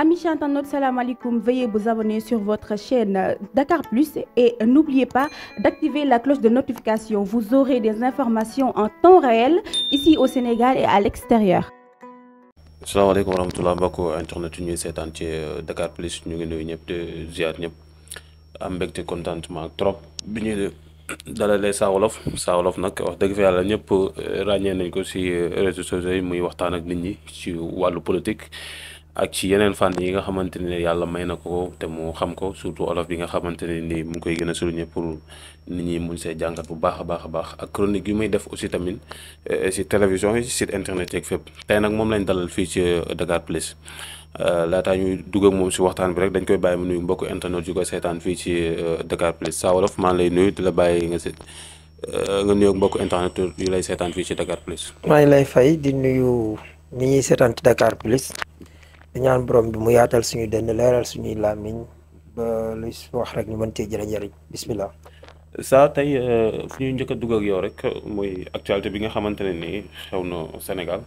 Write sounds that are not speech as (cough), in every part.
Amis chers internautes, salam alaikum. Veuillez vous abonner sur votre chaîne Dakar Plus et n'oubliez pas d'activer la cloche de notification. Vous aurez des informations en temps réel ici au Sénégal et à l'extérieur. Salam alaikum wa rahmatullah mbokk ñu ngi nuyu ñëpp ñëpp am mbégte contentement trop bi ñuy dalalee Saa Wolof Saa nag wax dëgg fa yàlla ñëpp euh, ràññee nañ ko si euh, réseaux sociaux yi muy waxtaan ak nit ñi ci wàllu politique. ak ci yeneen fànn yi nga xamante ne yàlla may na ko te mu xam ko surtout olof bi nga xamante ne ni mu ngi koy gën a souligner pour nit ñi mun see jàngat bu baax a baax a baax ak chronique yu may def aussi tamit euh, si télévision yi si site internet fépp tey nag moom lañ dalal fii ci euh, Dakar Plus euh, laataa ñuy dugg moom si waxtaan bi rek dañ koy bàyyi mu nuyu mbokk internet yu seetaan fii ci Dakar Plus saa wolof maa lay nuyu di la bàyyi nga nga nuyoog mbokk internet yu lay seetaan fii lay fay di ci Dakar di ñaan borom bi mu yaatal suñu dënn leeral suñuy làmmiñ ba lu wax rek ñu mën cee jëriñ jëriñ bismillah saa tey euh, fu ñuy njëkk a dugg ak yow rek mooy actualité bi nga xamante ne nii xew na Sénégal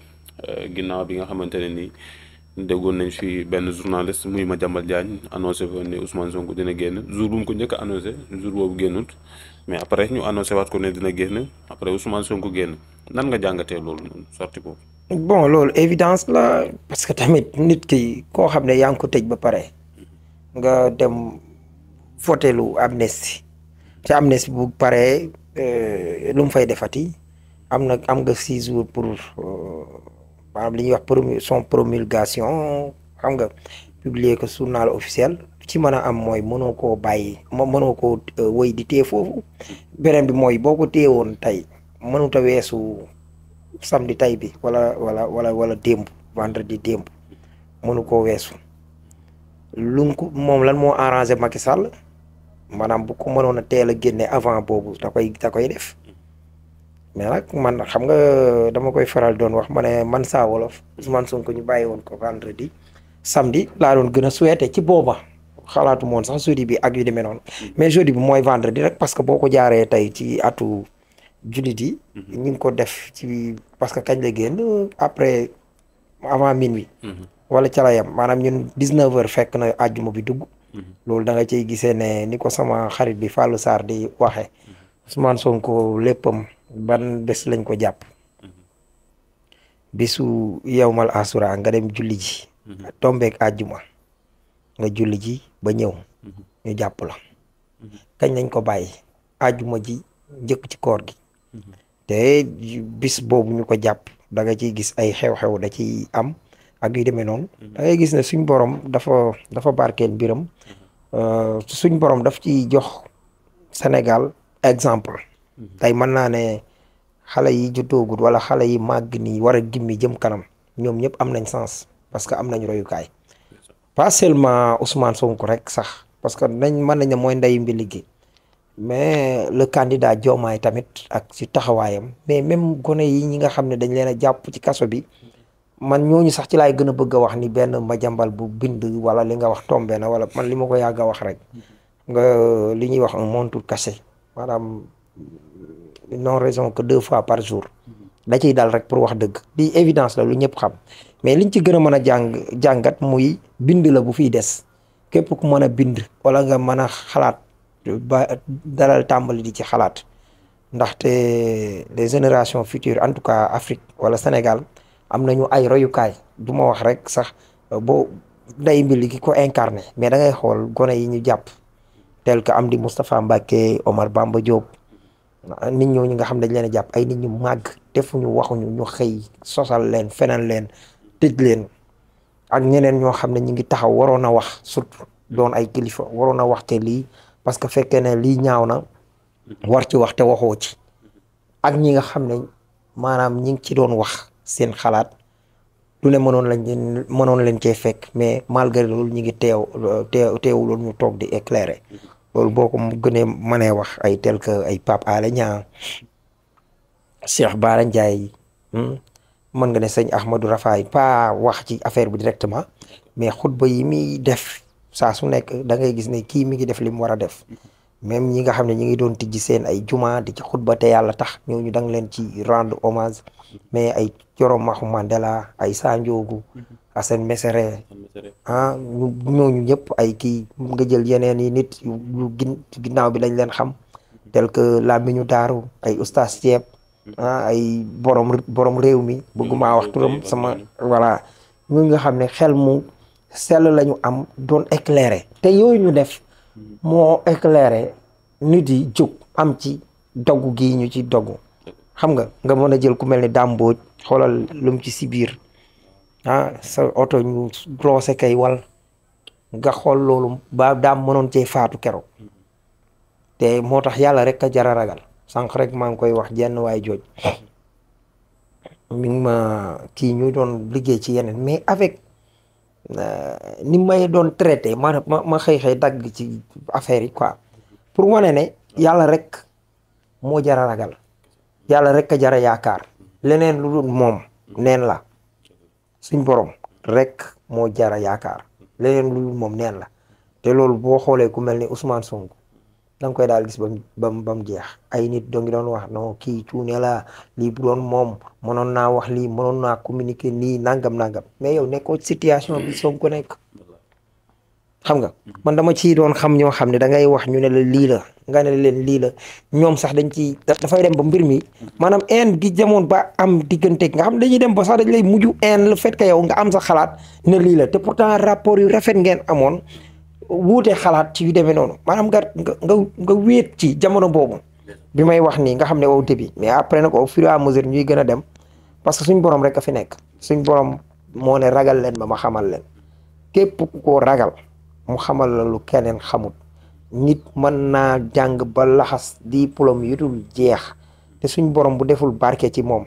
euh, ginnaaw bi nga xamante ne nii déggoon nañ fi benn journaliste muy Madiambal Diagne annoncé ko ne Ousmane Sonko dina génn jour bu ko njëkk a annoncé jour boobu génnut mais après ñu annoncé waat ko ne dina génn après Ousmane Sonko génn nan nga jàngatee loolu noonu sorti boobu. bon loolu évidence la parce que tamit nit ki koo xam ne yaa ngi ko tëj ba pare nga dem fotelu amnistie te amnistie bu paree euh, lu mu fay defati am na am nga six jours pour euh, maanaam li ñuy wax promu son promulgation xam nga publier ko journal officiel ci mën a am mooy mënoo koo bàyyi mënoo koo euh, wëy di téye foofu beneen bi mooy boo ko téye woon tey mënut a weesu. samedi tay bi wala wala wala wala démb vendredi démb mënu koo weesu lu moom lan moo arrangé Macky Sall maanaam bu ko mënoon a teel a génne avant boobu da koy da koy man xam nga dama koy faral doon wax ma ne man saa wolof Ousmane Sonko ñu bàyyi woon ko vendredi samedi laa doon gën a souhaité ci booba xalaatu moon sax jeudi bi ak yu demee noonu mm. mais jeudi bi mooy vendredi rek parce que boo ko jaaree tey ci atu jullit yi. Mhm. ñu ngi ko def ci parce que kañ la génn après avant minuit. Mhm. wala ca maanaam ñun 19h fekk na àjjuma bi dugg. Mhm. loolu da nga cay gisee ne ni ko sama xarit bi Fallou Sarr di waxee. Ousmane Sonko léppam ban bés lañ ko jàpp. bisu yowmal asura nga dem julli ji. tombeek julli ji ba ñëw. jàpp la. ko bàyyi àjjuma ji njëkk ci koor gi. te bis boobu ñu ko jàpp da nga ciy gis ay xew-xew da ci am ak yu demee noonu. Mhm. da gis ne suñ borom dafa dafa barkeel mbiram. Mhm. Euh, suñ borom daf ci jox Sénégal exemple. Mhm. tey mën naa ne xale yi juddoogut wala xale yi màgg nii war a gimmi jëm kanam ñoom ñëpp am nañ sens parce que am nañ royukaay. pas seulement Ousmane Sonko rek sax parce que nañ mën nañ ne mooy ndeyu mbi liggéey mais le candidat Diomaye tamit ak si taxawaayam mais même gone yi ñi nga xam ne dañ leen a jàpp ci kaso bi man ñooñu sax ci laay gën a bëgg a wax ni benn Madiambal bu bind wala li nga wax tombe na wala man li ma ko yàgg a rek nga li ñuy wax un montre cassé maanaam raison que deux fois par jour da ciy dal rek pour wax dëgg di évidence la lu ñëpp xam mais liñ ci gën a mën a jàng jàngat muy bind la bu fi des képp ku mën a bind wala nga mën a xalaat ba dalal tàmbali di ci xalaat ndaxte les générations futures en tout cas Afrique wala Sénégal am nañu ay royukaay du ma wax rek sax euh, boo day mbili ki ko incarné mais da ngay xool gone yi ñu jàpp tel que am di Moustapha Mbacké Omar Bamba Diop nit ñooñu nga xam dañ leen jàpp ay nit ñu màgg defuñu waxuñu ñu xëy sosal leen feneen leen tëj leen ak ñeneen ñoo xam ne ñu ngi taxaw waroon a wax surtout doon ay kilifa waroon a wax te lii parce que fekkee ne lii ñaaw na war ci wax te waxoo ci ak ñi nga xam ne maanaam ñi ngi ci doon wax seen xalaat lu ne mënoon lañ mënoon leen cee fekk mais malgré loolu ngi teew teew ñu toog di éclairer loolu boo ko mu gënee mënee wax ay tel ay pap Alé Niang Cheikh Bara Ndiaye hmm, mën nga ne sëñ Ahmadou Rafaay pas wax ci affaire bu directement mais xutba yi muy def saa su nekk da ngay gis ne kii mi ngi def li mu war a def même ñi nga xam ne ñi ngi doon tijji seen ay jumaa di ci xutba te yàlla tax ñooñu ñu nga leen ci rendre hommage mais ay Joro Maxu Mandela ay Sanjoogu Assane Mesere ah ñooñu ñëpp ay kii nga jël yeneen yi nit yu gin ginnaaw bi lañ leen xam tel que Lamiñu Daaru ay Oustaz Thiep ah, ay borom borom réew mi bëgguma wax turam sama voilà ñu nga xam ne xel mu sell la am doon éclairé te yooyu ñu def moo éclairé nit yi jóg am ci dogg gii ñu ci dogg xam nga nga mën a jël ku mel ni dàmbooj xoolal lum ci si biir ah sa oto ñu brossé kay wal nga xool loolu ba daam mënoon cee faatu kero te moo tax yàlla rek a jara ragal sànq rek maa ngi koy wax jenn waay jooj mi ma kii ñu doon liggéey ci yeneen mais avec Euh, ni may doon traité ma ma ma xëy dagg ci affaire yi quoi pour wane ne yàlla rek moo jar a ragal yàlla rek a jar a yaakaar leneen lu dul moom neen la suñ borom rek moo jar a yaakaar leneen lu dul moom neen la te loolu boo xoolee ku mel ni Ousmane Sonko da koy daal gis bam ba mu jeex ay nit do ngi doon wax non kii cuune la lii bu doon moom mënoon naa wax lii mënoon naa communiquer nii nangam nangam mais yow nekkoo situation bi ko nekk nga man dama ci doon xam ñoo xam ne da ngay wax ñu ne la lii la nga ne leen lii la ñoom sax dañ ci dafay dem ba mbir mi maanaam en gi jamoon ba am diggante nga xam dañuy dem ba sax dañ lay mujj en le fait que nga am sa xalaat ne lii la te pourtant rapport yu rafet ngeen amoon wuute xalaat ci yu demee noonu maanaam nga nga nga wéet ci jamono boobu bi may wax nii nga xam ne au début mais après na ko fur et ñuy gën a dem parce que suñ borom rek a fi nekk suñ borom moo ne ragal leen ba ma xamal leen képp ku ko ragal mu xamal la lu keneen xamut nit mën naa jàng ba laxas di yu yitul jeex te suñ borom bu deful barke ci moom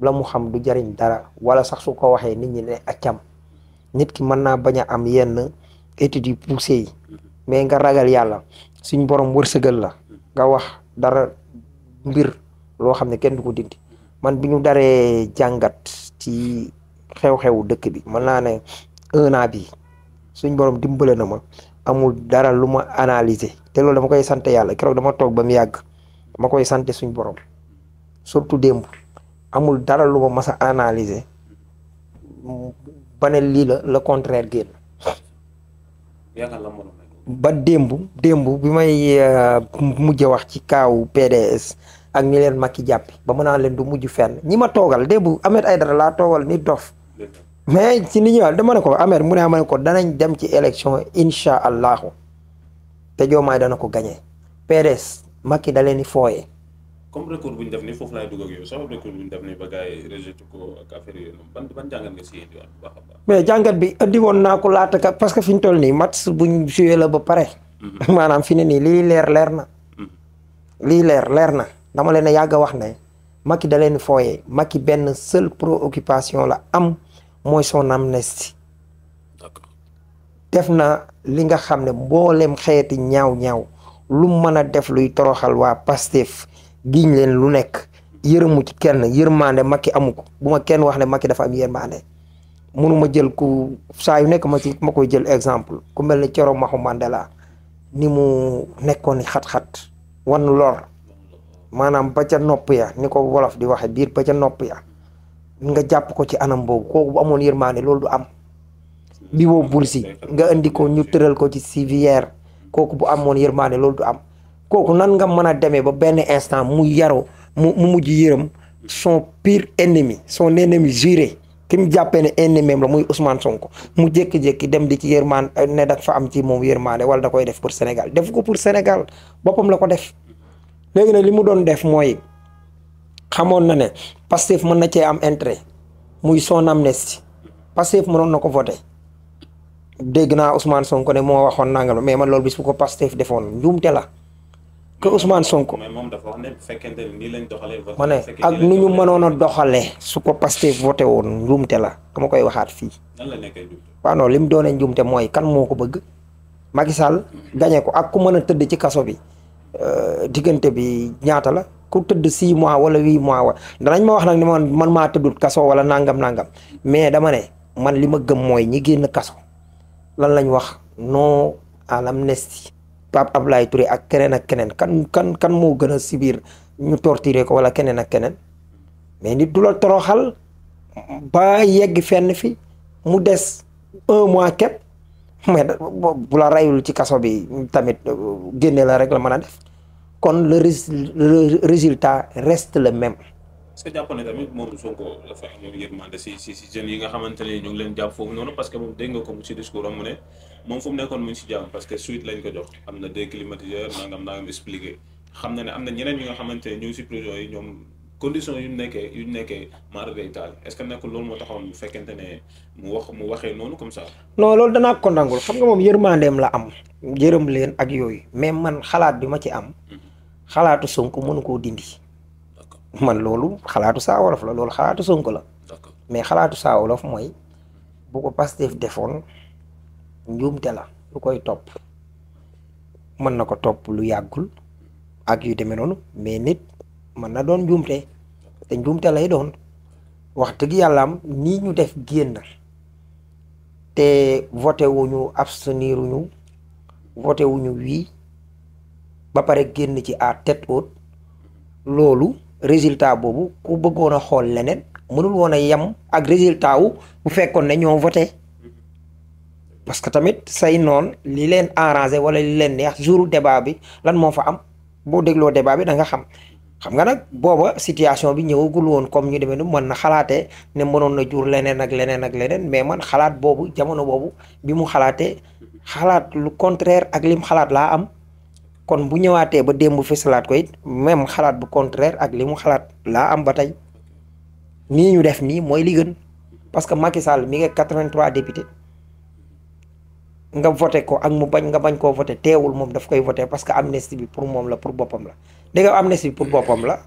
la mu xam du jariñ dara wala sax su ko waxee nit ñi ne accam nit ki mën naa bañ a am yenn études yi poussé yi mais nga ragal yàlla suñ borom wërsëgal la nga wax dara mbir loo xam ne kenn du ko dindi man bi ñu daree jàngat ci xew xew dëkk bi mën naa ne un an bi suñ borom dimbale na ma amul dara lu ma analyser te loolu dama koy sant yàlla keroog dama toog ba mu yàgg ma koy sant suñ borom surtout démb amul dara lu ma mas a analyser ba lii la la contraire génn ba démb démb bi may euh, mujj wax ci kaaw PDS ak ñi leen ki jàpp ba mën naa leen du mujj fen ñi ma toogal démb ay dara laa toogal ni dof mais si li ñuy wax dama ne ko Ahmed mu ne ma ne ko danañ dem ci élection incha allahu te Diomaye dana ko gañee PDS Macky da leen di fooye comme jàngat mais jàngat bi indi woon naa ko laata parce que fi ñu toll nii match buñ joué la ba pare. Mhm. maanaam fi ne nii lii leer leer na. Mhm. lii leer leer na dama leen a yàgg a wax ne Macky da leen fooyee Macky benn seule préoccupation la am mooy son amnistie. d'accord def na li nga xam ne mboolem xeeti ñaaw ñaaw lu mën a def luy toroxal waa Pastef. giiñ leen lu nekk yërëmu ci kenn yërmande Macky amu ko bu ma kenn wax ne Macky dafa am yërmande mënuma jël ku saa yu nekk ma ci ma koy jël exemple ku mel ne Coro Maxu Mandela ni mu nekkoon xat-xat wan lor maanaam ba ca nopp ya ni ko wolof di waxe biir ba ca nopp ya nga jàpp ko ci anam boobu kooku bu amoon yërmande loolu du am bi woo nga indi ko ñu tëral ko ci civière kooku bu amoon yërmande loolu du am kooku nan ngam mën a demee ba benn instant mu yaru mu mu mujj yërëm son pire ennemi son ennemi jure ki mu jàppee ne ennemi la muy Ousmane Sonko mu jékki-jékki dem di ci yërmaan euh, ne da fa am ci moom yërmaane wala da koy def pour Sénégal def ko pour Sénégal boppam la ko def léegi nag li mu doon def mooy xamoon na ne Pastef mën na cee am intérêt muy son amnistie Pastef noon na ko voté dégg naa Ousmane Sonko ne moo waxoon ma mais man loolu bis bu ko Pastef defoon njuumte la. que Ousmane Sonko. mais moom dafa ak nu ñu mënoon a doxalee. su ko Pastef voté woon njuumte la dama koy waxaat fii. nan la nekkee li mu doonee njuumte mooy kan moo ko bëgg. Macky Sall gañe ko ak ku mën a tëdd ci kaso bi euh, diggante bi ñaata la ku tëdd 6 mois wala 8 mois wa danañ ma wax nag ni man man maa tëddut kaso wala nangam nangam mais dama ne man li ma gëm mooy ñi génn kaso lan lañ wax non à l'amnistie Pape Ablaye Touré ak keneen ak keneen kan kan kan moo gën a sibir ñu torturé ko wala keneen ak keneen mais nit du la toroxal ba yegg fenn fi mu des un mois képp mais bu la rayul ci kaso bi tamit euh, génne la rek la mën a def kon le résultat reste le même. est-ce que jàpp na tamit moom Sonko dafa leen jàpp foofu parce que moom dégg nga ko ci discours am ne. moom fu mu nekkoon mu ngi si jàmm parce que suite lañ ko jox am na des climatiseurs nangam nangam expliqué xam na ne am na ñeneen ñi nga xamante ne ñu ngi si prison yi ñoom condition yu nekkee yu nekkee mara day taal est ce que nekkul loolu moo taxoon bu fekkente ne mu wax mu waxee noonu comme ça. non loolu danaa ko nangul xam nga moom yërmandeem la am yërëm leen ak yooyu mais man xalaat bi ma ci am. Mhm. xalaatu Sonko mënu koo dindi. man loolu xalaatu saa wolof la loolu xalaatu Sonko la. mais xalaatu saa wolof mooy bu ko Pastef defoon. njuumte la lu koy topp mën na ko topp lu yàggul ak yu demee noonu mais nit mën na doon njuumte te njuumte lay doon wax dëgg yàllaam nii ñu def génn te voté wuñu abstenir wuñu voté wuñu wii ba pare génn ci à tête haute loolu résultat boobu ku bëggoon a xool leneen mënul woon a yem ak résultat wu bu fekkoon ne ñoo voté parce que tamit say noon lii leen arrangé wala li leen neex jour débat bi lan moo fa am boo dégloo debaa bi da nga xam xam nga nag booba situation bi ñëwagul woon comme ñu demee nu mën na xalaatee ne mënoon na jur leneen ak leneen ak leneen mais man xalaat boobu jamono boobu bi mu xalaatee xalaat lu contraire ak lim xalaat laa am kon bu ñëwaatee ba démb fi salaat même xalaat bu contraire ak li mu xalaat laa am ba tey nii ñu def nii mooy li parce que Macky Sall mi ngi 83 députés nga voté ko ak mu bañ nga bañ koo voté teewul moom daf koy voté parce que amnistie bi pour moom la pour boppam la dégg nga amnistie bi pour boppam la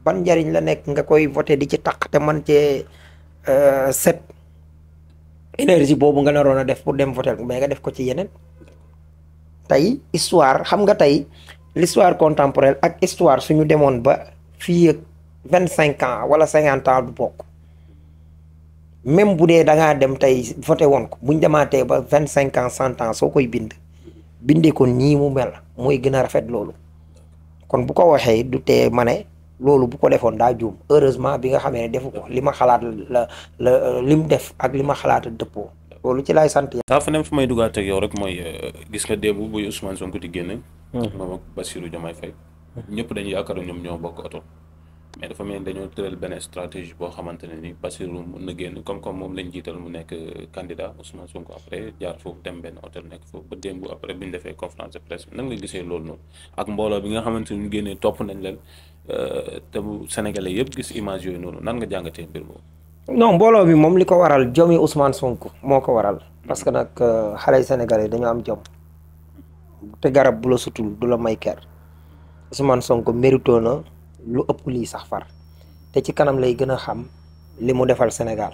ban njariñ la nekk nga koy voté di ci taq te man cee euh, set énergie boobu nga naroon a def pour dem voté mais nga def ko ci yeneen tey histoire xam nga tey l'histoire contemporaine ak histoire suñu demoon ba fii ak vingt cinq ans wala cinquante ans du bokk même bu dee dangaa dem tey voté woon ko bu ñu demaatee ba vingt cinq ans cent ans soo koy bind bindee ko nii mu mel mooy gën a rafet loolu kon bu ko waxee du tee ma ne loolu bu ko defoon daa juum heureusement bi nga xamee ne defu ko li ma xalaat la la li mu def ak li ma xalaat dëppoo loolu ci laay sant. saa fa ne fu may duggaat yoo rek mooy euh, gis nga démb bu Ousmane Sonko di génne. Hmm. moom ak Bassirou Diomaye Faye. Hmm. ñëpp dañuy yaakaar ñoom ñoo bokk oto. mais dafa mel ni dañoo tëral benn stratégie boo xamante ne ni Bassirou mën na génn comme comme moom lañ jiital mu nekk candidat Ousmane Sonko après jaar foofu dem benn hôtel nekk foofu ba démb après bi ñu defee conférence de presse nan nga gisee loolu noonu ak mbooloo bi nga xamante ne ñu génnee topp nañ leen euh, te bu Sénégalais yëpp gis image yooyu noonu nan nga jàngatee mbir boobu. non mbooloo bi moom li ko waral jomi Ousmane Sonko moo ko waral parce que nag euh, xale Sénégalais dañoo am jom garab bu la sutul du la may ker Ousmane lu ëpp lii sax far te ci kanam lay gën a xam li mu defal Sénégal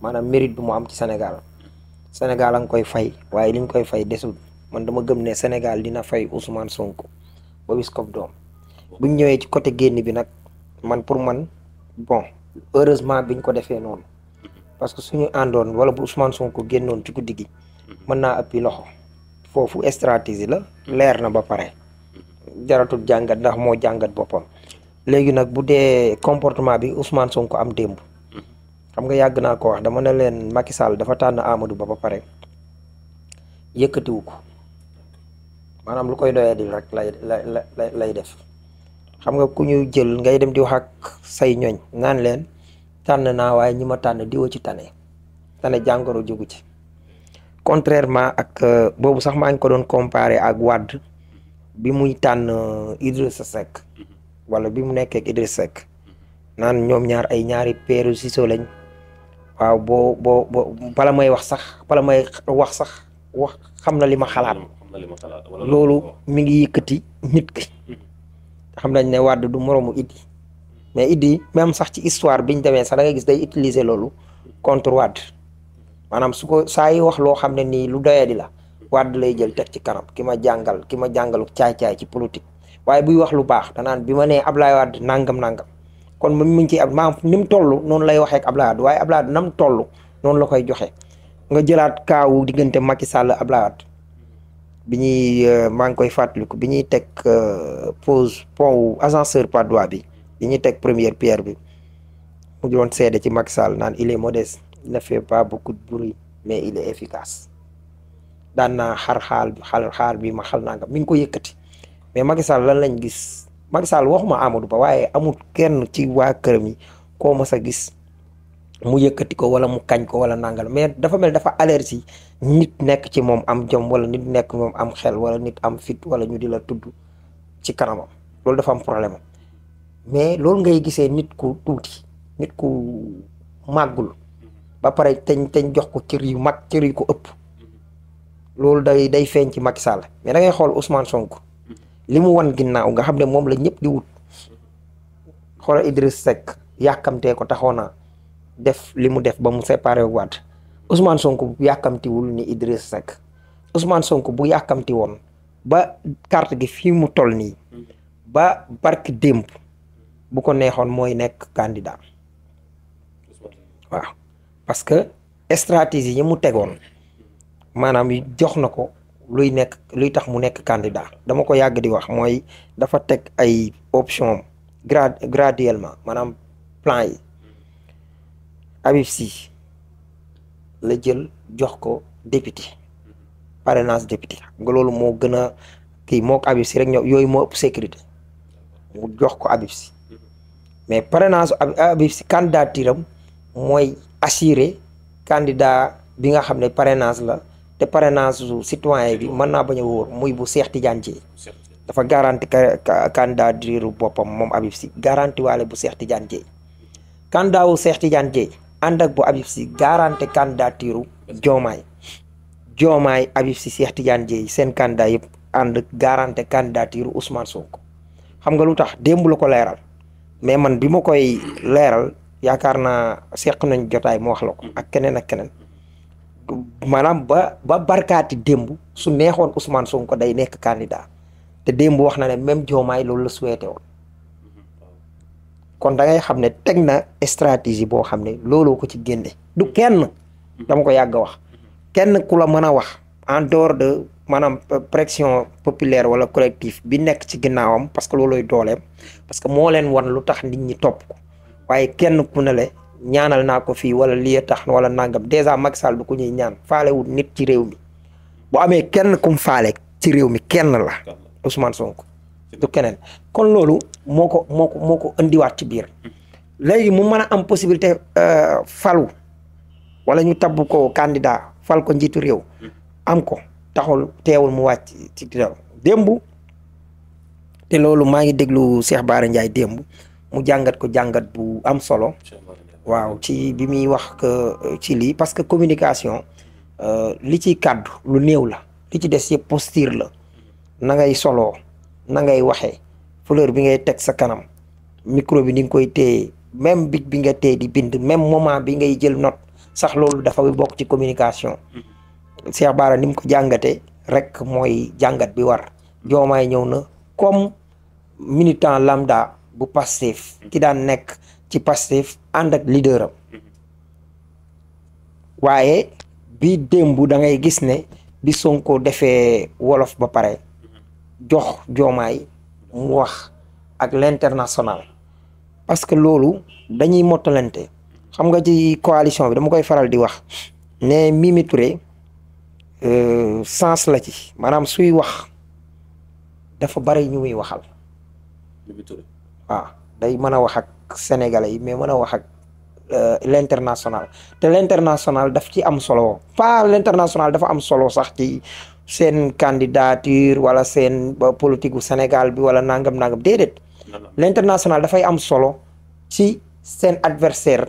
maanaam mérite bi mu am ci Sénégal Sénégal a koy fay waaye li koy fay desul man dama gëm ne Sénégal dina fay Ousmane Sonko ba wis ko doom bu ñu ñëwee ci côté génn bi nag man pour man bon heureusement biñ ko defee noonu parce que suñu àndoon wala bu Ousmane Sonko génnoon ci guddi gi mën naa appi loxo foofu stratégie la leer na ba pare jaratul jàngat ndax moo jàngat boppam léegi nag bu dee comportement bi Ousmane ko am démb. xam nga yàgg naa ko wax dama ne leen Macky Sall dafa tànn Amadou Ba ba pare yëkkatiwu ko maanaam lu koy doyee di rek lay lay lay def xam nga ku ñu jël ngay dem di wax ak say ñoñ naan leen tànn naa waaye ñi ma tànn diwa ci tane tane jàngoro jógu ci contrairement ak euh, boobu sax maa ngi ko doon comparé ak Wade bi muy tànn euh, Idrissa Seck. wala bi mu nekkee ak Idriss naan ñoom ñaar ay ñaari peeru Cissé lañ waaw boo boo boo bala may wax sax bala may wax sax wax xam na li ma xalaat loolu mi ngi yëkkati nit ki mhm. xam nañ ne Wade du moroomu Idi mais Idi même sax ci histoire biñ demee sax da gis day utiliser loolu contre Wade maanaam su ko saa yi wax loo xam ne nii lu doyadi la Wade lay jël teg ci kanam ki ma jàngal ki ma jàngalu caay-caay ci politique waaye buy wax lu baax danaan bi ma nee Ablaye Wade nangam nangam kon moom mu ngi ciy ab maam ni mu toll noonu lay waxee ak Ablaye Wade waaye Ablaye nam toll noonu la koy joxe nga jëlaat kaawu diggante Macky Sall Ablaye bi ñuy euh, maa ngi koy fàttaliku bi ñuy teg euh, pose pont ascenseur Padois bi bi ñuy teg première pierre bi mu doon seede ci Macky Sall naan il est modeste il ne fait pas beaucoup de bruit mais il efficace daan naa xar xaal xal xaar bi ma xal naa nga mi yëkkati mais Macky Sall lan lañ gis Macky Sall waxuma Amadou Ba waaye amul kenn ci waa këram yi koo mës a gis mu yëkkati ko wala mu kañ ko wala nangal mais dafa mel dafa allergie nit nekk ci moom am jom wala nit nekk moom am xel wala nit am fit wala ñu di la tudd ci kanamam loolu dafa am problème mais loolu ngay gisee nit ku tuuti nit ku màggul ba pare teñ teñ jox ko cër yu mag cër yu ko ëpp loolu day day feeñ ci Macky Sall mais da ngay xool Ousmane sonk li mu wan ginnaaw nga xam ne moom la ñëpp di wut xoolal Idriss Seck yàkkamtee ko taxoon na def li mu def ba mu séparé waat Ousmane Sonko yàkkamtiwul ni Idriss Seck Ousmane Sonko bu yàkkamti woon ba carte gi fi mu toll nii ba barki démp bu ko neexoon mooy nekk candidat waaw parce que stratégie yi mu tegoon maanaam jox na ko luy nekk luy tax mu nekk candidat dama ko yàgg di wax mooy dafa teg ay option grad graduellement maanaam plan yi Habib Sy la jël jox ko député parrainage député nga loolu moo gën a kii moo ko Habib rek ñoo yooyu moo ëpp sécurité mu jox ko Habib Sy mais parrainage Habib Sy candidature mooy assurer candidat bi nga xam ne parrainage la te pare parrainage su citoyen bi mën naa bañ a wóor muy bu Cheikh Tidiane Dièye dafa garanti candidature boppam moom Habib Sy garanti waale bu Cheikh Tidiane Dièye candidat wu Cheikh Tidiane Dièye ànd ak bu Habib Sy garanti candidature Diomaye Diomaye Habib Sy Cheikh seen candidat yëpp ànd garanti candidature Ousmane Sonko xam nga lu tax démb la ko leeral mais man bi ma koy leeral yaakaar naa seq nañ jotaay mu wax la ko ak keneen ak keneen maanaam ba ba barkaati démb su neexoon Ousmane ko day nekk candidat te démb wax na ne même Diomaye loolu la souhaité kon da ngay xam ne teg na stratégie boo xam ne looloo ko ci génne du kenn dama ko yàgg a wax kenn ku la mën a wax en dehors de maanaam pression populaire wala collectif bi nekk ci ginnaawam parce que loolooy dooleem parce que moo leen wan lu tax nit ñi topp ko waaye kenn ku ne le ñaanal naa ko fii wala lii tax wala nangam dèjà Macky Sall du ko ñuy ñaan faalewul nit ci réew mi boo amee kenn kum faale ci réew mi kenn la Ousmane Sonko du keneen kon loolu moo ko moo ko moo ko indiwaat ci biir léegi mu mën a am possibilité euh, falu wala ñu tabb ko candidat fal ko njiitu réew am ko taxul teewul mu wàcc ci dara te loolu maa ngi déglu Cheikh Bara Ndiaye démb mu jàngat ko jàngat bu am solo waaw ci bi muy wax que euh, ci lii parce que communication euh, li ci kàddu lu néew la li ci des yëpp posture la na ngay soloo na ngay waxee fleur bi ngay teg sa kanam micro bi ni nga koy téye même bit bi nga téye di bind même moment bi ngay jël note sax loolu dafa bokk ci communication Cheikh Bara ni mu ko jàngate rek mooy jàngat bi war joomaay ñëw na comme militant lamda bu passif ki daan nekk ci Pastef ànd ak leader waaye bi démb da ngay gis ne bi Sonko defee wolof ba pare jox joomaay mu wax ak l'international parce que loolu dañuy mottalante xam nga ci coalition bi dama koy faral di wax ne Mimi Touré euh, sens la ci maanaam suy wax dafa bari ñu muy waxal. Mimi day mën a wax sénégalais yi mais man a wax ak euh, l' international te l' international daf ci am solo pas l' international dafa am solo sax ci seen candidature wala seen politique gu bi wala nangam nangam déedéet. l' international dafay am solo si seen adversaire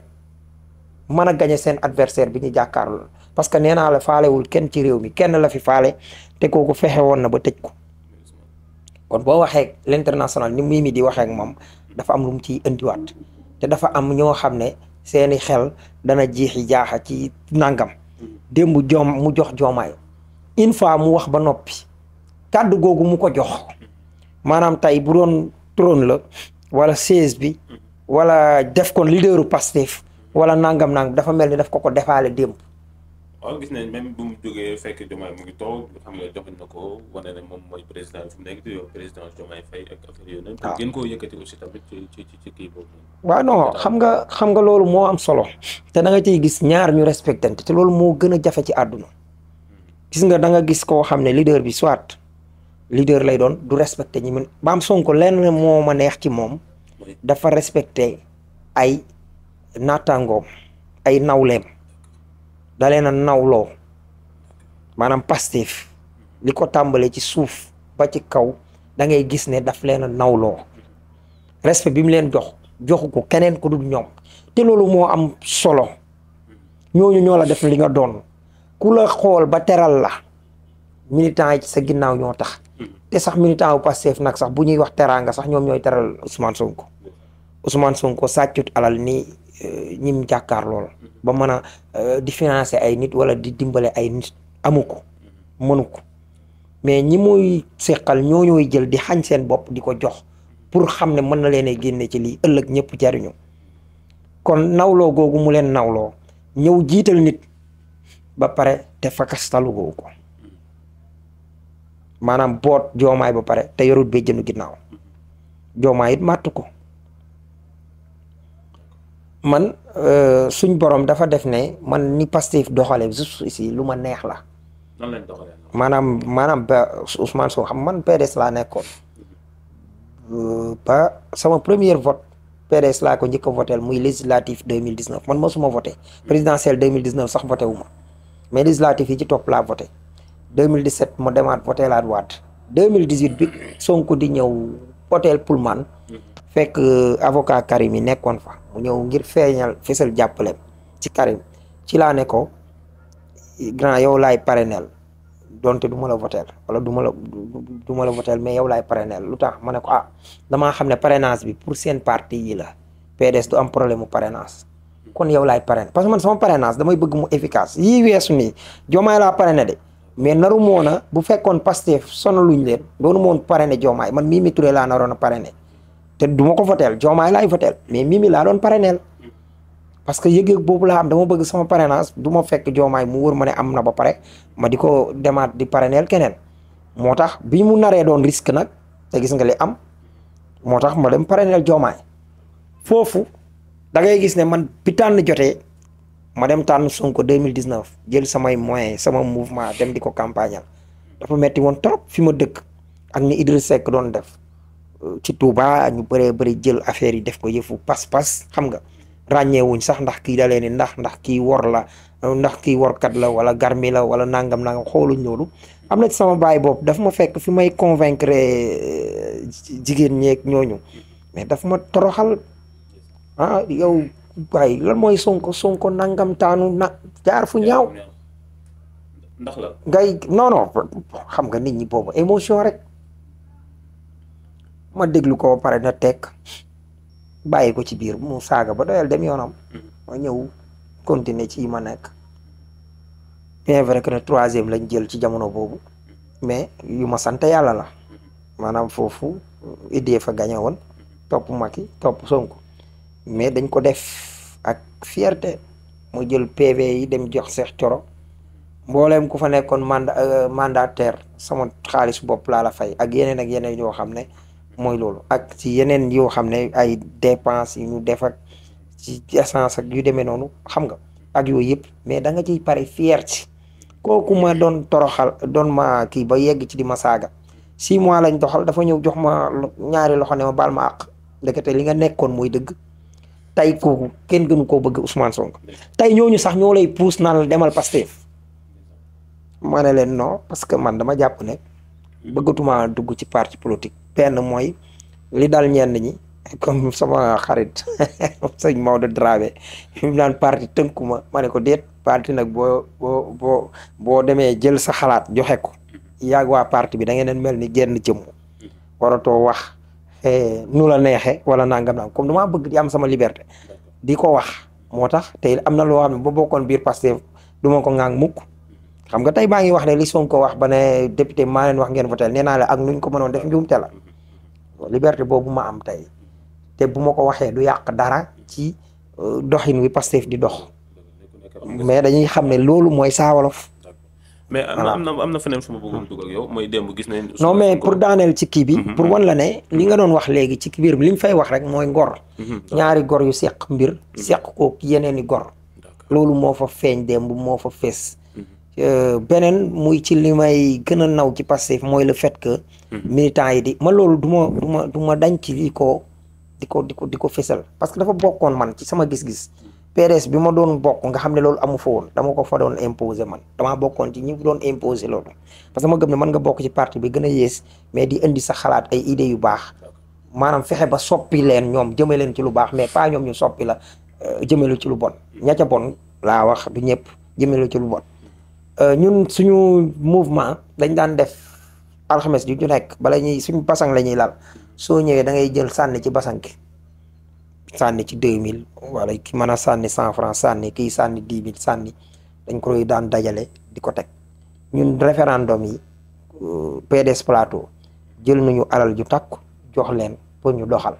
man a gañe seen adversaire bi ñu jàkkaarloo parce que nee naa la faalewul kenn ci réew mi kenn la fi faale te kooku fexe woon na ba tëj ko kon boo waxee l' international ni mii di waxee ak moom dafa am lu mu ciy indiwaat te dafa am ñoo xam ne seeni xel dana jiixi jaaxa ci nangam démb joom mu jox joomaay une fois mu wax ba noppi kàddu googu mu ko jox maanaam tey bu doon trône la wala siège bi wala def kon leaderu Pastef wala nangam nang dafa mel ni daf ko ko defaale démb waaw gis nañ même bu mu fekk Diomaye mu ngi toog xam nga joxoñ na moom mooy président fu mu nekk ah. koo yëkkati aussi tamit ci ci ci kii boobu. waaw non xam nga xam nga loolu moo am solo. te da nga ciy gis ñaar ñu respectante te loolu moo gën a jafe ci àdduna. Hmm. gis nga da nga gis koo xam ne leader bi soit leader lay doon du respecté ñi mun ba am Sonko lenn moo ma neex ci moom. dafa respecté ay naataangoom ay nawleem. da leen a nawloo maanaam Pastef li ko tàmbalee ci suuf ba ci kaw da ngay gis ne daf leen a nawloo respect bi mu leen jox joxu ko keneen ku dul ñoom te loolu moo am solo ñooñu ñoo la def li nga doon ku la xool ba teral la militant yi sa ginnaaw ñoo tax te sax militant bu Pastef nag sax bu ñuy wax teraanga sax ñoom ñooy teral Ousmane Sonko Ousmane Sonko sàccut alal nii ñim jàkkaar lool ba mën a euh, di financer ay nit wala di dimbale ay nit amu ko mënu ko mais ñi muy seqal ñoo ñooy jël di xañ seen bopp di ko jox pour xam ne mën na leen a génne ci lii ëllëg ñëpp jariñu kon nawloo googu mu leen nawloo ñëw jiital nit ba pare te fakastalu googu ko maanaam boot joomaay ba pare te yorut bee jënu ginnaaw joomaay it màtt ko man euh, suñ borom dafa def ne man ni Pastef doxale juste ici lu ma neex la. nan lañ doxalee maanaam maanaam ba Ousmane Sow xam man PDS laa nekkoon euh, ba sama premier vote PDS laa ko njëkk a voté muy législatif 2019 ma mosuma voté présidentielle 2019 sax voté wu ma mais législatif yi ci topp laa voté 2017 ma demaat voté laa waat 2018 bi Sonko di ñëw hôtel Pullman. fekk euh, avocat Karim yi nekkoon fa mu ñëw ngir feeñal fésal jàppale ci Karim ci laa ne ko grand yow laay parrainel donte du ma la votel wala du ma du ma la votel mais yow laay parrainel lu tax ma ne ko ah damaa xam ne parrainage bi pour seen parti yi la PDS du am problème mu parrainage kon yow laay parrain parce que man sama damay bëgg mu efficace yi weesu nii Diomaye laa parrainé de mais naru moona bu fekkoon Pastef sonaluñ leen doonu moon parrainé Diomaye man Mimi Touré la naroon a parrainé te duma ma ko voteel Diomaye laay voteel mais mii Mimi laa doon parrainel parce que yëg-yëg boobu laa am dama bëgg sama parrainage du ma fekk joomaay mu wër ma ne am na ba pare ma di ko demaat di pareneel keneen moo tax bi mu naree doon risque nag te gis nga li am moo tax ma dem parrainel Diomaye foofu da ngay gis ne man bi tànn jotee ma dem tànn Sonko 2019 jël samay moyen sama mouvement dem di ko campagnal dafa metti woon trop fi ma dëkk ak ni Idriss Seck doon def ci Touba ñu bëree bëri jël affaire yi def ko yëfu pas-pas xam nga ràññeewuñ sax ndax kii dalee ni ndax ndax kii wor la ndax kii workat la wala garmi la wala nangam nangam xooluñ loolu am na sama baay boobu dafa ma fekk fi may convaincre euh, jigéen ñeek ñooñu mais dafa ma toroxal ah yow waaye lan mooy sunko sonko nangam taanu na jaar fu ñaaw. ngay non xam nga nit ñi boobu émotion rek. ma déglu ko pare na tekk bàyyi ko ci biir mu saaga ba doyal dem yoonam. ma ñëw continuer ci yi ma nekk. bien vrai que ne troisième lañ jël ci jamono boobu. mais yu ma sant yàlla la. maanaam foofu euh, idée fa gañe woon. topp Macky topp Sonko. mais dañ ko def ak fierté mu jël PV yi dem jox seex Thioro mbooleem ku fa nekkoon manda euh, mandataire sama xaalis bopp laa la fay ak yeneen ak yeneen yoo xam ne. mooy loolu ak si yeneen yoo xam ne ay dépenses yu ñu def ak ci essence ak yu demee noonu xam nga ak yooyu yëpp mais da nga ciy pare fier kooku ma doon toroxal doon ma kii ba yegg ci di ma saaga si mois lañ doxal dafa ñëw jox ma ñaari loxo ne ma baal ma àq ndekete li nga nekkoon mooy dëgg tey kooku kenn gënu koo bëgg Ousmane Sonko tey ñooñu sax ñoo lay puus naan la demal Pastef ma ne leen non parce que man dama jàpp ne bëggatuma dugg ci parti politique benn mooy li dal ñenn ñi comme sama xarit (laughs) sëñ Maodo Dramé fi mu naan parti tënku ma ma ko déet parti nag boo boo demee jël sa xalaat joxe ko yàgg waa parti bi da ngeen mel ni genn jëmm waratoo wax eh, nu la neexee wala nangam nangam comme maa bëgg di am sama liberté di ko wax moo tax tey am na loo xam ne ba bokkoon biir Pastef du ma ko ŋaang mukk xam nga tey baa ngi wax ne li ko wax ba ne député maa leen wax ngeen votel nee naa la ak nuñ ko mënoon def njuumte la liberté boobu ma am tey te bu ma ko waxee du yàq dara ci euh, doxin wi Pastef di dox mais dañuy xam ne loolu mooy saawolof mais am na am na fu ma bëggoon mooy démb gis nañ non mais pour daaneel ci kii bi mhm. pour wan la ne li nga doon wax léegi ci biir li mu fay wax rek mooy ngor mhm. ñaari gor yu seq mbir mhm. seq ko yeneen i gor loolu moo fa feeñ demb moo fa fees Euh, beneen muy ci li may gën a naw ci Pastef mooy le fait que hmm. militants yi di ma loolu du ma du ma du ma dañ ci li ko di ko di ko di ko fésal parce que dafa bokkoon man ci sama gis-gis PDS bi ma doon bokk nga xam ne loolu amu fa woon dama ko fa doon imposer man damaa bokkoon ci ñi doon imposer loolu parce que ma ne mën nga bokk ci parti bi gën a yées mais di indi sa xalaat ay idées yu baax maanaam fexe ba soppi leen ñoom jëme leen ci lu baax mais pas ñoom ñu soppi la euh, jëmelu ci lu bon ña bon laa wax du ñëpp jëmelu ci lu Euh, ñun suñu mouvement dañ daan def alxames ju ñu nekk bala ñuy suñu basang lañuy ñuy laal soo ñëwee da ngay jël sànni ci basang ki sànni ci deux mille wala ki mën a sànni cent sànni kii sànni dix mille sànni dañ koy daan dajale di ko teg ñun référendum yi euh, PDS plateau jël nañu alal ju takk jox leen pour ñu doxal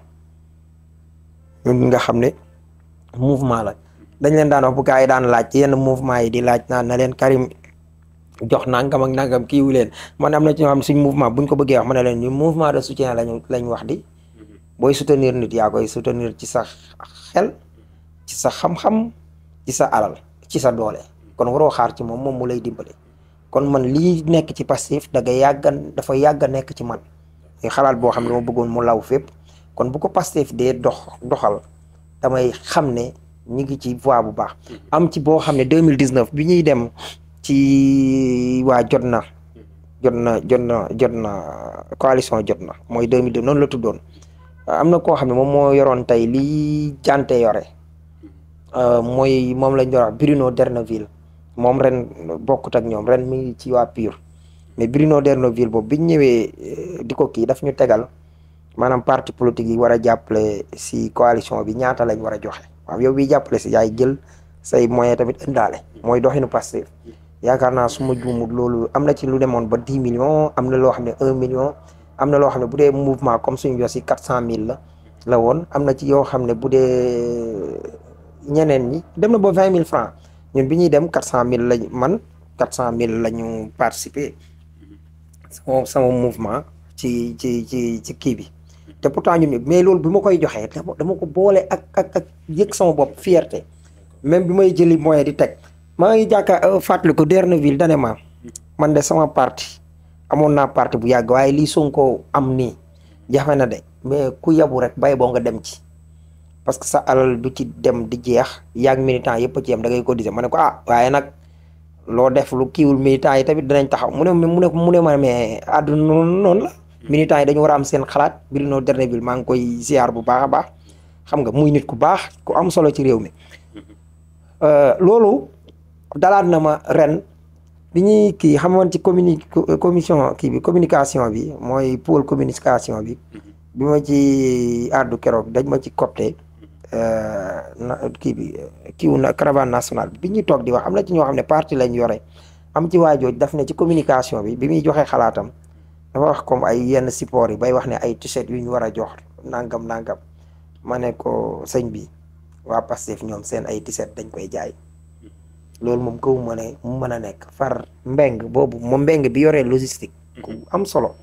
ñun nga xam ne mouvement la dañ leen daan wax bu daan laaj yenn mouvement yi di laaj naan leen Karim jox nangam ak nangam kii wu leen man am na ci ñoo xam suñ mouvement buñ ko bëggee wax ma ne leen ñu mouvement de soutien lañ lañ wax di mm-hmm. booy soutenir nit yaa koy soutenir ci sa xel ci sa xam-xam ci sa alal ci sa doole kon waroo xaar ci moom moom mu lay dimbale kon man lii nekk ci passif da yàgg yàgga dafa yàgg a nekk ci man muy xalaat boo xam ne ma bëggoon mu law fépp kon bu ko passif dee dox doxal damay xam ne ñu ngi ci voie bu baax mm-hmm. am ci boo xam ne 2019 bi ñuy dem ci waa jot na jot na jot na jot na coalition jot na mooy 2002 noonu la tuddoon am na koo xam ne moom moo yoroon tey li jante yore euh, mooy moom lañ doon wax Bruno Derneville moom ren bokkut ak ñoom ren mi ngi ci waa PUR mais Bruno Derneville boobu biñ ñëwee euh, di ko kii daf ñu tegal maanaam parti politique yi war a jàppale si coalition bi ñaata lañ war a joxe waaw yow bi jàppale si yaay jël say moyen tamit ëndaale mooy doxinu Pastef yaakaar naa su ma juumut loolu am na ci lu demoon ba dix million am na loo xam ne un million am na loo xam ne bu dee mouvement comme suñu jos yi quatre cent mille la la woon am na ci yoo xam ne bu dee ñeneen ñi dem na ba vingt mille francs ñun bi ñuy dem quatre cent mille lañ man quatre cent mille la ñu participer sama sama mouvement ci ci ci ci kii bi te pourtant ñun mais loolu bi ma koy joxee dama ko boole ak ak ak yëg sama bopp fierte même bi may jëli moyen di teg maa ngi jàkka euh, fàttaliku Derneville dane ma man de sama partie amoon naa partie bu yàgg waaye lii Sonko am nii jafe na de mais ku yabu rek bay boo nga dem ci parce que sa alal du ci dem di jeex yàgg militant yëpp ci yem da ngay cotiser ma ne ko ah waaye nag loo def lu kiiwul militant yi tamit danañ taxaw mu ne mu ne mu ne ma mais àdduna noonu noonu la militants yi dañu war a am seen xalaat Bruno Derneville maa ngi koy ziar bu baax a baax xam nga muy nit ku baax ku am solo ci réew mi euh, loolu dalaat na ma ren bi ñuy kii xamoon ci communi commission kii bi communication bi mooy pôle communication bi mhm. bi ma ci addu keroog dañ ma ci copte euh, na kii bi kiiw na caravane nationale bi ñuy toog di wax am na ci ñoo xam ne parti lañ yore am ci waajooj daf ne ci communication bi bi muy joxe xalaatam dafa wax comme ay yenn support yi bay wax ne ay t-shirt yu ñu war a jox nangam nangam ma ne ko sëñ bi waa Pastef ñoom seen ay t-shirt dañ koy jaay loolu moom kaw ma ne mën a nekk far mbeng boobu moom mbeng bi yoree logistique ku mhm. am solo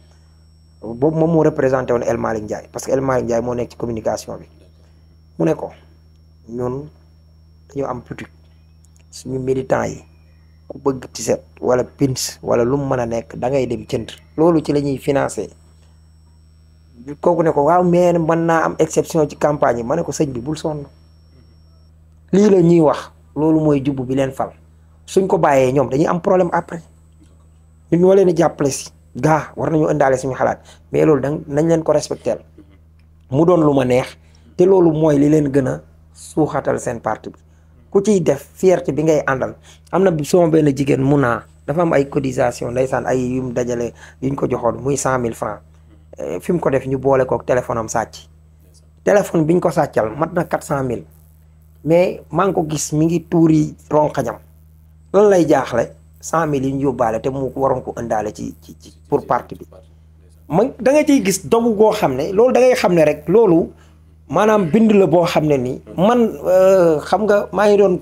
boobu moom moo représenté woon El Malick Ndiaye parce que El Malick Ndiaye moo nekk ci communication bi mu ne ko ñun dañoo am boutique suñu militant yi ku bëgg tiset wala pins wala lu mu mën a nekk da ngay dem jënd loolu ci la ñuy financé kooku ne ko waaw mais mën naa am exception ci campagne yi ma ne ko sëñ bi bul sonn lii la ñuy wax loolu mooy jubbu bi leen fal suñ ko bàyyee ñoom dañuy am problème après ñun ñoo leen di jàppale si gaa war nañu indaale suñu xalaat mais loolu da nañ leen ko respecté mu doon lu ma neex te loolu mooy li leen gën a suuxatal seen parti bi ku ciy def fierté bi ngay àndal am na sama benn jigéen mun naa dafa am ay cotisation ndeysaan ay mu dajale yuñ ko joxoon muy cent mille francs eh, fi mu ko def ñu boole kook téléphone am sàcc téléphone biñ ko sàccal mat na quatre cent mille mais maa ngi ko gis mi ngi tuuri ronxañam loolu lay jaaxle cent mille yi ñu yóbbaale te mu waroon ko ëndaale ci ci ci pour parti bi man da nga ciy gis dogu goo xam ne loolu da ngay xam ne rek loolu maanaam bind la boo xam ne nii man euh, xam nga maa ngi doon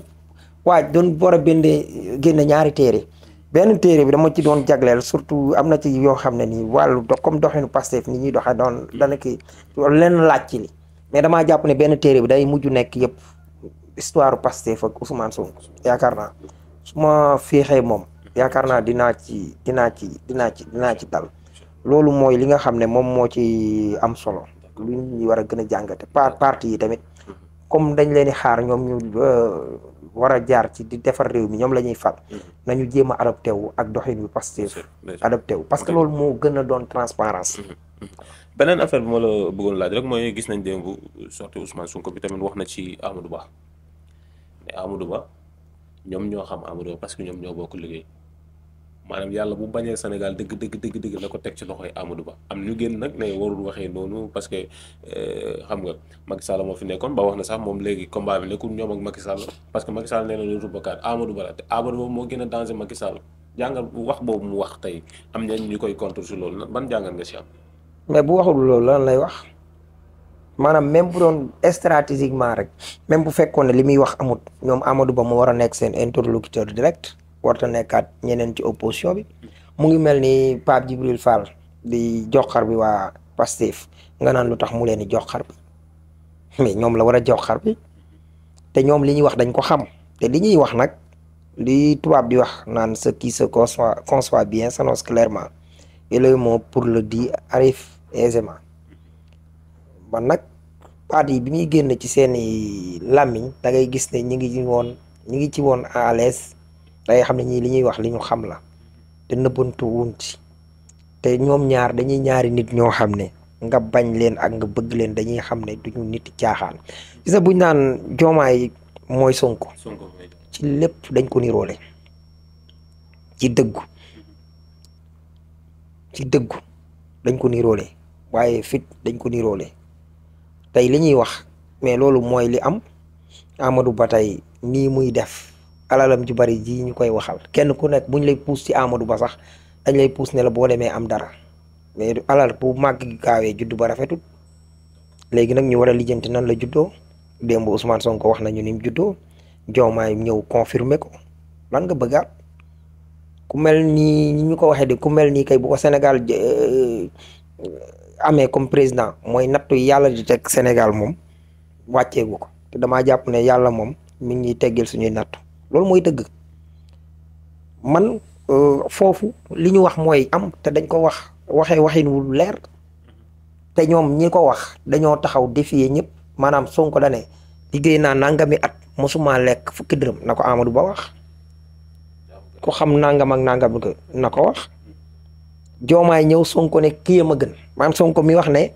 waaj doon war a bindee génne ñaari téere benn téere bi dama ci doon jagleel surtout am na ci yoo xam ne nii wàllu do comme doxinu Pastef ni ñuy doxee doon dana kii lenn laaj ci mais damaa jàpp ne benn téere bi day mujju nekk yëpp histoire Pastef ak Ousmane Sonko yaakaar naa su ma féexee moom yaakaar naa dinaa ci dinaa ci dinaa ci dinaa ci dal loolu mooy li nga xam ne moom moo ci am solo lu ñu war a gën a jàngate par parti yi tamit comme dañ leen di xaar ñoom ñu euh, war a jaar ci di defar réew mi ñoom la ñuy fal nañu jéem a adopté ak doxin wi Pastef adopté wu parce que loolu moo gën a doon transparence mhm, mhm. beneen affaire bi ma la bëggoon laaj rek mooy gis nañ démb sorti Ousmane Sonko bi tamit wax na ci Amadou Ba ne Amadou Ba ñoom ñoo xam Amadou Ba parce que ñoom ñoo bokk liggéey maanaam yàlla bu bañee Sénégal dëgg dëgg dëgg dëgg na ko teg ci loxoy Amadou Ba am ñu génn nag ne warul waxee noonu parce que euh, xam nga Macky Sall moo fi nekkoon ba wax na sax moom léegi combat bi nekkul ñoom ak Macky parce que Macky Sall nee na dootu bokkaat Amadou Ba la te Amadou Ba moo gën danger Macky Sall bu wax boobu mu wax tey am ñenn ñu koy contre si loolu ban jàngal nga si am. mais bu lay wax. maanaam même bu doon stratégiquement rek même bu fekkoon ne li muy wax amut ñoom Amadou Ba mu war a nekk seen interlocuteur direct warta nekkaat ñeneen ci opposition bi mu ngi mel ni Pape Djibril Fall di jox xar bi waa Pastef nga naan lu tax mu leen di jox xar bi ñoom la war a jox xar bi te ñoom li ñuy wax dañ ko xam te li ñuy wax nag li tubaab di wax naan ce qui se conçoit conçoit bien s'annonce clairement et le pour le di arrive aisément man nag baat yi bi muy génn ci seeni làmmiñ dangay gis ne ñi ngi ci woon ñi ngi ci woon à l'aise xam ne ñii li ñuy wax li ñu xam la te nëbbantu wuñ ci te ñoom ñaar dañuy ñaari nit ñoo xam ne nga bañ leen ak nga bëgg leen dañuy xam ne duñu nit caaxaan gis nga buñ naan joomaay mooy Sonko ci lépp dañ ko niroole ci dëggu ci dëggu dañ ko niroole waaye fit dañ ko niroole tey li ñuy wax mais loolu mooy li am Amadou Ba tey nii muy def alalam ju bari ji ñu koy waxal kenn ku nekk bu ñu lay puus ci Amadou Ba sax dañ lay puus ne la boo demee am dara mais alal bu màgg gaawee juddu ba rafetul léegi nag ñu war a lijjanti nan la juddoo démb Ousmane Sonko wax nañu ni mu juddoo Diomaye ñëw confirmer ko lan nga bëggaat ku mel nii ñu ko waxee de ku mel nii kay bu ko euh, amee comme président mooy nattu yàlla di teg Sénégal moom wàcceegu ko te damaa jàpp ne yàlla moom mi ngi ñuy teggil suñuy natt loolu mooy dëgg man euh, foofu li ñu wax mooy am te dañ ko wax waxe waxin wu leer te ñoom ñi ko wax dañoo taxaw défier ñëpp maanaam Sonko da ne liggéey naa nangami at mosuma lekk fukki dërëm na ko Amadou Ba wax ko xam nangam ak nangam na ko wax joomaay ñëw sonko ne kii ma gën maanaam sonko mi wax ne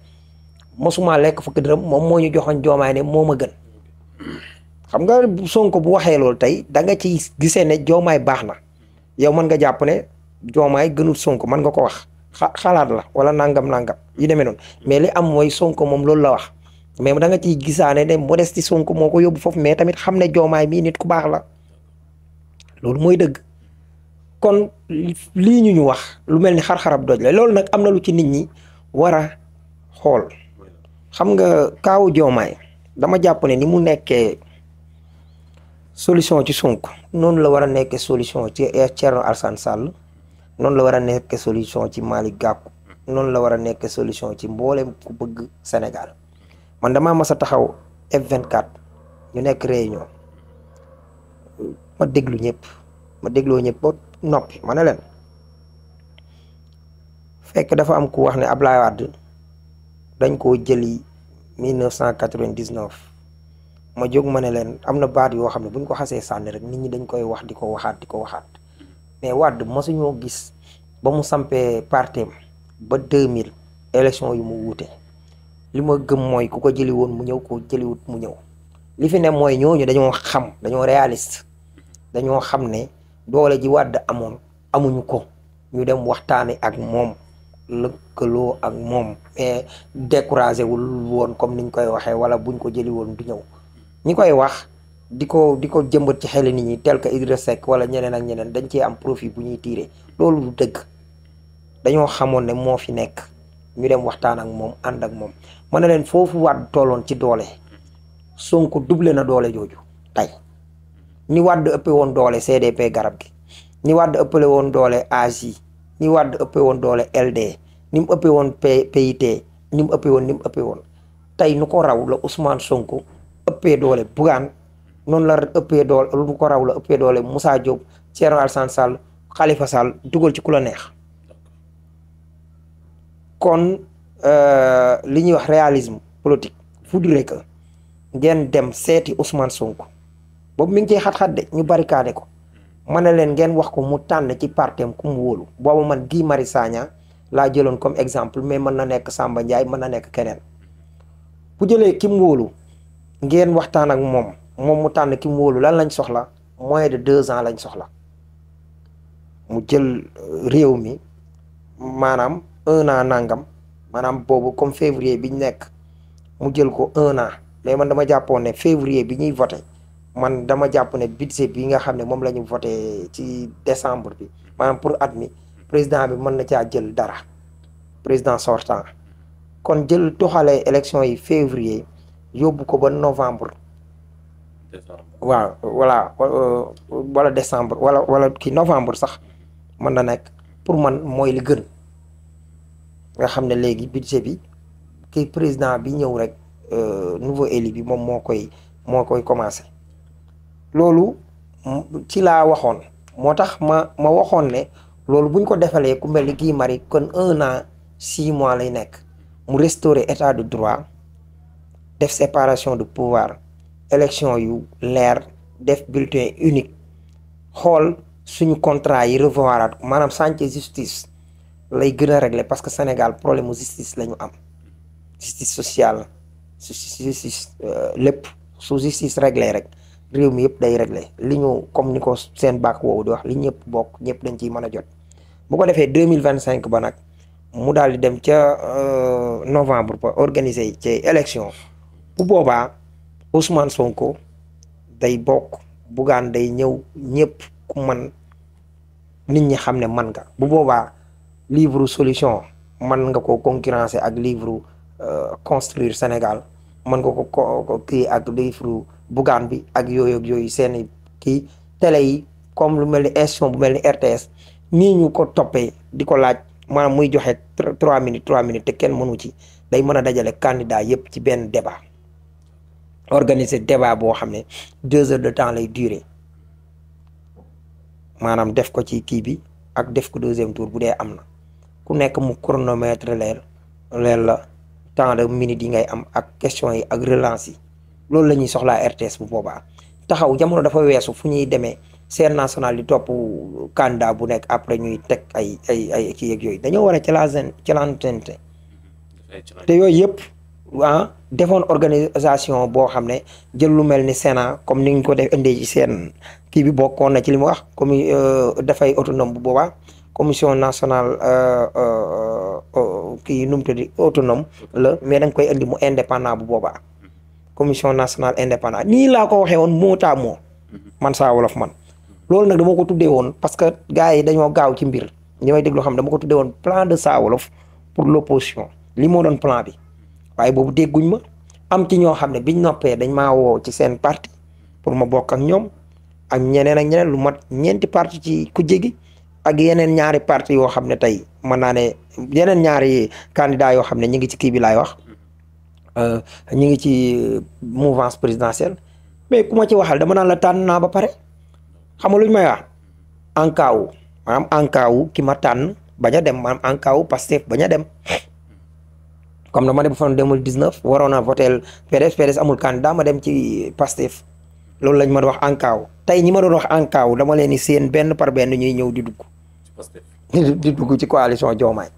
mosuma lekk fukki dërëm moom moo ñu joxoon joomaay ne moo gën xam nga sonko bu waxee loolu tey da nga ci gisee ne joomaay baax na yow mën nga jàpp ne joomaay gënul sonko mën nga ko wax xalaat la wala nangam nangam yu demee noonu mais li am mooy sonko moom loolu la wax mais da nga ciy gisaane ne modesti sonko moo ko yóbbu foofu mais tamit xam ne joomaay mii nit ku baax la loolu mooy dëgg kon lii ñu ñu wax lu mel ni xarxarab xarab doj la loolu nag am na lu ci nit ñi war a xool xam nga kaawu joomaay dama jàpp ni mu nekkee solution ci sunk noonu la war a nekkee solution ci Thierno Alassane Sall noonu la war a nekkee solution ci Malick Gakou noonu la war a nekkee solution ci mboolem ku bëgg senegal man damaa mas a taxaw F24 ñu nekk réunion ma déglu ñëpp ma dégloo ñëpp noppi ma ne leen fekk dafa am ku wax ne Ablaye Wade dañ koo jëli 1999 ma jóg ma ne leen am na baat yoo xam ne bu ñu ko xasee sànni rek nit ñi dañ koy wax di ko waxaat di ko waxaat mais Wade masuñoo gis ba mu sampee partem ba 2000 élection yu mu wuute li ma gëm mooy ku ko jëli woon mu ñëw ko jëliwut mu ñëw li fi ne mooy ñooñu dañoo xam dañoo réaliste dañoo xam ne doole ji waat wàdd amoon amuñu ko ñu dem waxtaane ak moom lëkkaloo ak moom mais découragé wul woon comme niñ koy waxee wala buñ ko jëli woon du ñëw ñu koy wax di ko di ko jëmbat ci xeli nit ñi tel que Idrissa Seck wala ñeneen ak ñeneen dañ cee am profit bu ñuy tiire loolu du dëgg dañoo xamoon ne moo fi nekk ñu dem waxtaan ak moom ànd ak moom ma ne leen foofu Wade tolloon ci doole Sonko doublé na doole jooju tey ni Wade ëppe woon doole CDP garab gi ni Wade ëppale woon doole AJ ni Wade ëppee woon doole LD ni mu ëppe woon PIT ni mu ëppee woon ni mu ëppe woon tey nu ko raw la Ousmane Sonko ëppee doole Bougane noonu la ëppee doole lu ko raw la ëppee doole Moussa Diop Thierno Alassane Sall xalifa sal dugal ci ku la neex kon euh, li ñuy wax réalisme politique fu dire que ngeen dem seeti Ousmane Sonko boobu mi ngi ciy xat-xat de ñu barricadé ko ma ne leen ngeen wax ko mu tànn ci partem ku mu wóolu boobu man Guy Marius Sagna laa jëloon comme exemple mais mën na nekk sàmba Ndiaye mën na nekk keneen bu jëlee ki wóolu ngeen waxtaan ak moom moom mu tànn ki wóolu lan lañ soxla moins de deux ans lañ soxla mu jël euh, réew mi maanaam un an nangam maanaam boobu comme février bi ñu nekk mu jël ko un an mais man dama jàppoon ne février bi ñuy voté man dama jàpp ne budget bi nga xam ne moom la ñu voté ci décembre bi maanaam pour at mi président bi mën na caa jël dara président sortant kon jël doxalee élection yi février yóbbu ko ba novembre. décembre waaw voilà euh, euh, wala décembre wala wala kii novembre sax mën na nekk pour man mooy li gën nga xam ne léegi budget bi kii président bi ñëw rek euh, nouveau élu bi moom moo koy moo koy commencé. loolu ci laa waxoon moo tax ma ma waxoon ne loolu buñ ko defalee ku mel ni Guy Marius kon un an six mois lay nekk mu restaurer état de droit def séparation de pouvoir élection yu leer def bulletin unique xool suñu contrat yi revoiraat maanaam santé justice lay gën a régler parce que Sénégal problème mu justice la ñu am justice sociale justice euh, lépp su justice réglé rek réew mi yëpp day réglé li ñu comme ni ko seen bàkk woowu di wax li ñëpp bokk ñëpp dañ ciy mën a jot bu ko defee deux mille vingt cinq ba nag mu daal di dem ca euh, novembre ba organiser ci élection bu boobaa Ousmane Sonko day bokk Bougane day ñëw ñëpp ku man nit ñi xam ne man nga bu boobaa livre solution mën nga ko concurrencer ak livre euh, construire Sénégal mën nga ko kii ak livre bugaan bi ak yooyu ak yooyu seen kii télé yi comme lu mel ni institution bu mel ni RTS nii ñu ko toppee di ko laaj maanaam muy joxe trois minutes trois minutes te kenn mënu ci day mën a dajale candidat yépp ci benn débat organiser débat boo xam ne deux heures de temps lay durer maanaam def ko ci kii bi ak def ko deuxième tour bu dee am na ku nekk mu chronomètre leer leer la temps de minutes yi ngay am ak questions yi ak relance yi loolu la ñuy soxlaa RTS bu boobaa taxaw jamono dafa weesu fu ñuy demee seen national di topp candidat bu nekk après ñuy teg ay ay ay kii yooyu dañoo war a calaaseen calaantente te yooyu yëpp ah defoon organisation boo xam ne jël lu mel ni Sénat comme ni ñu ko def indee ci seen kii bi bokkoon na ci li mu wax comme euh, dafay autonome bu boobaa commission nationale euh, euh, kii nu mu tudd autonome la mais dañ koy indi mu indépendant bu boobaa. commission nationale indépendante nii laa ko waxee woon moo à man sawolof man loolu nag dama ko tuddee woon parce que gars yi dañoo gaaw ci mbir ñi may xam ne dama ko tuddee woon plan de saa pour l' opposition li moo doon plan bi waaye boobu dégguñ ma am ci ñoo xam ne biñ noppee dañ maa woo ci seen parti pour ma bokk ak ñoom ak ñeneen ak ñeneen lu mat ñeenti parti ci ku jégi ak yeneen ñaari parti yoo xam ne tey mën naa ne yeneen ñaari candidat yoo xam ne ñu ngi ci kii bi laay wax Euh, ñu ngi ci euh, mouvance présidentielle mais ku ma ci waxal dama naan la tànn naa ba pare xam nga lu ñu may wax ki ma tànn bañ a dem maanaam en cas wu Pastef bañ a dem comme dama dem fan 2019 waroon a voté PDS PDS amul candidat ma dem ci Pastef loolu lañ ma doon wax en tey ñi ma doon wax en dama leen di séen benn par benn ñuy ñëw di dugg. (laughs) di dugg ci coalition Diomaye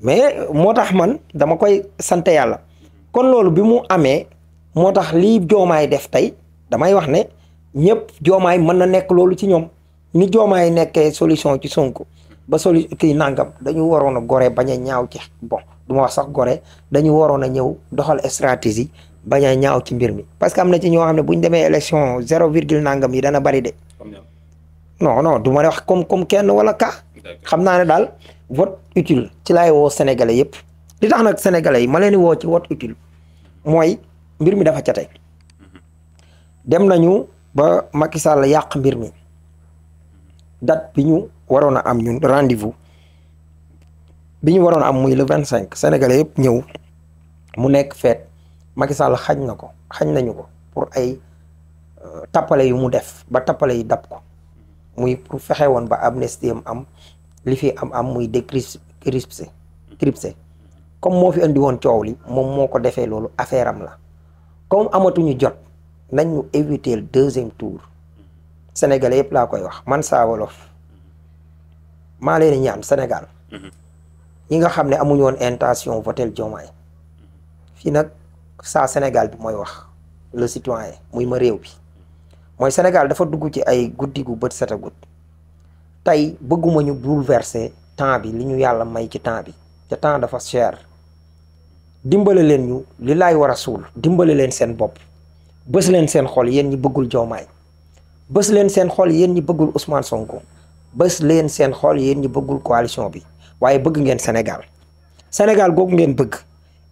mais moo tax man dama koy sant yàlla. kon loolu bi mu amee moo tax lii joomaay def tey damay wax ne ñëpp joomaay mën na nekk loolu ci ñoom ni joomaay nekkee solution ci Sonko ba solu kii nangam dañuy waroon a gore bañ ñaaw ci bon du ma wax sax gore dañuy waroon a ñëw doxal stratégie bañ a ñaaw ci mbir mi parce que am na ci ñoo xam ne bu ñu demee élection zéro virgule nangam yi dana bari de. no non du ma wax comme comme kenn wala ka xam naa ne daal vote utile ci laay woo sénégalais yëpp li tax nag sénégalais yi ma leen di woo ci vote utile. mooy mbir mi dafa cate dem nañu ba Macky Sall yàq mbir mi dat bi ñu waroon a am ñun rendez bi ñu waroon a am muy le vingt cinq sénégalais yëpp ñëw mu nekk feet Macky Sall xañ na ko xañ nañu ko pour ay euh, tappale yu mu def ba tappale yi dab ko muy pour fexe woon ba amnistie am am li fi am am muy décrypté crypté comme moo fi indi woon coow li moom moo ko defee loolu affaire am la comme amatuñu jot nañ ñu éviter le deuxième tour sénégalais yëpp laa koy wax man Saa Wolof maa leen ñaan Sénégal mhm. ñi nga xam ne amuñu woon intention votel Diomaye fii nag saa Sénégal bi mooy wax le citoyen muy ma réew bi mooy Sénégal dafa dugg ci ay guddi gu bët gudd tey bëgguma ñu bouleverser temps bi li ñu yàlla may ci temps bi te temps dafa cher dimbale leen ñu li laay war a suul dimbale leen seen bopp bës leen seen xol yéen ñi bëggul joomaay bës leen seen xol yéen ñi bëggul Ousmane Sonko bës leen seen xol yéen ñi bëggul coalition bi waaye bëgg ngeen Sénégal Sénégal googu ngeen bëgg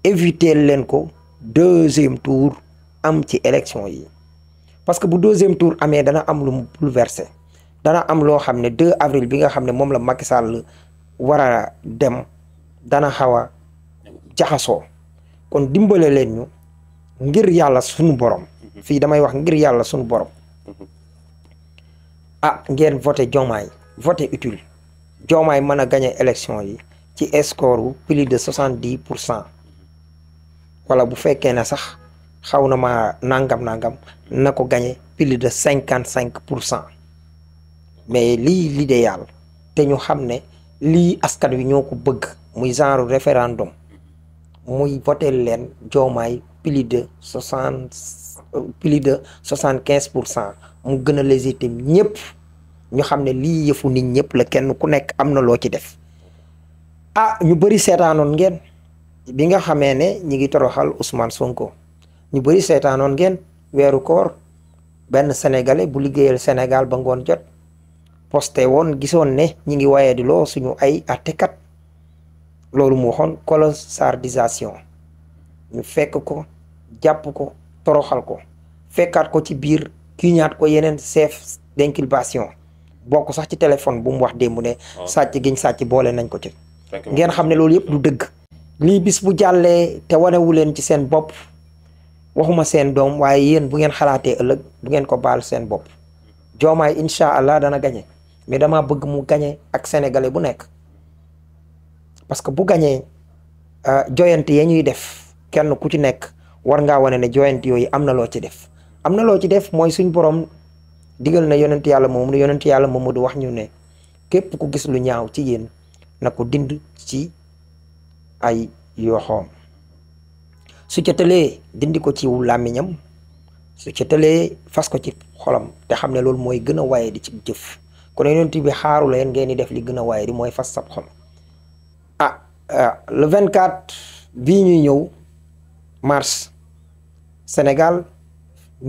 éviter leen ko deuxième tour am ci élection yi parce que bu deuxième tour amee dana am lu mu dana am loo xam ne 2 avril bi nga xam ne moom la Macky Sall war a dem dana xaw a jaxasoo kon dimbale leen ñu ngir yàlla sunu borom mhm. fii damay wax ngir yàlla sunu borom mhm. a ah ngeen voté Diomaye voté utile Diomaye mën a gagné élection yi ci score wu de soixante dix pour cent wala bu fekkee ne sax xaw na ma nangam nangam na ko gagné plus de cinquante cinq pour cent mais lii l'idéal te ñu xam ne lii askan wi ñoo ko bëgg muy genre référendum muy voté leen joomaay plus de soixante quinze pour cent mu gën a légitime ñëpp ñu xam ne lii yëfu nit ñëpp la kenn ku nekk am na loo ci def ah ñu bëri seetaanoon ngeen bi nga xamee ne ñi ngi toroxal Ousmane Sonko ñu bëri seetaanoon ngeen weeru koor benn sénégalais bu liggéeyal Sénégal ba ngoon jot posté woon gisoon ne ñi ngi waaye di loo suñu ay àttekat loolu mu waxoon colossardisation ñu fekk ko jàpp ko toroxal ko fekkaat ko ci biir ñaat ko yeneen chef d'inculpation ko sax ci téléphone bu mu wax démb ne sàcc giñ sàcc boole nañ ko ci ngeen xam ne loolu yëpp du dëgg lii bis bu jàllee te wanewu leen ci seen bopp waxuma seen doom waaye yéen bu ngeen xalaatee ëllëg du ngeen ko baal seen bopp joomaay incha allah dana gañe mais dama bëgg mu gañe ak sénégalais bu nekk parce que bu gañee euh, joyante ya ñuy def kenn ku ci nekk war ngaa wane ne joyante yooyu am na loo ci def am na loo ci def mooy suñ borom digal na yonent yàlla moom ne yonent yàlla moom du wax ñu ne képp ku gis lu ñaaw ci yéen na ko dind ci ay yoxoom su ca tëlee dindi ko ci làmmiñam su ca tëlee fas ko ci xolam te xam ne loolu mooy gën a waaye di ci jëf kon yonent bi xaaru la yéen ngeen di def li gën a waaye di mooy fas sab xol Euh, le 24 bii ñuy ñëw mars Sénégal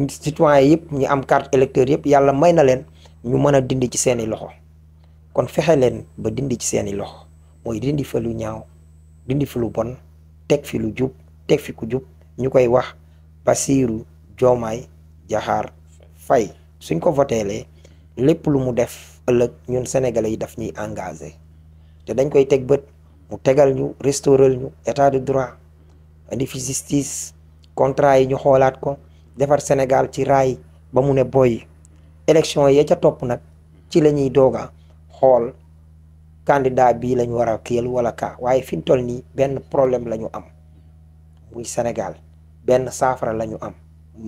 citoyens yëpp ñu am carte électeur yëpp yàlla may na leen ñu mën a dindi ci seeni loxo kon fexe leen ba dindi ci seeni loxo mooy dindi fa lu ñaaw dindi fi lu bon teg fi lu jub teg fi ku jub ñu koy wax Bassirou joomaay jaxaar fay suñ ko voteelee lépp lu mu def ëllëg ñun sénégalais yi daf ñuy engagé te dañ koy teg bët mu tegal ñu restaurer ñu état de droit indi fi justice yi ñu xoolaat ko defar Sénégal ci raay ba mu ne boy élection yee ca topp nag ci la ñuy dooga xool candidat bii la ñu war a kiyal wala ka waaye fi ñu toll nii benn problème la ñu am muy Sénégal benn saafara la ñu am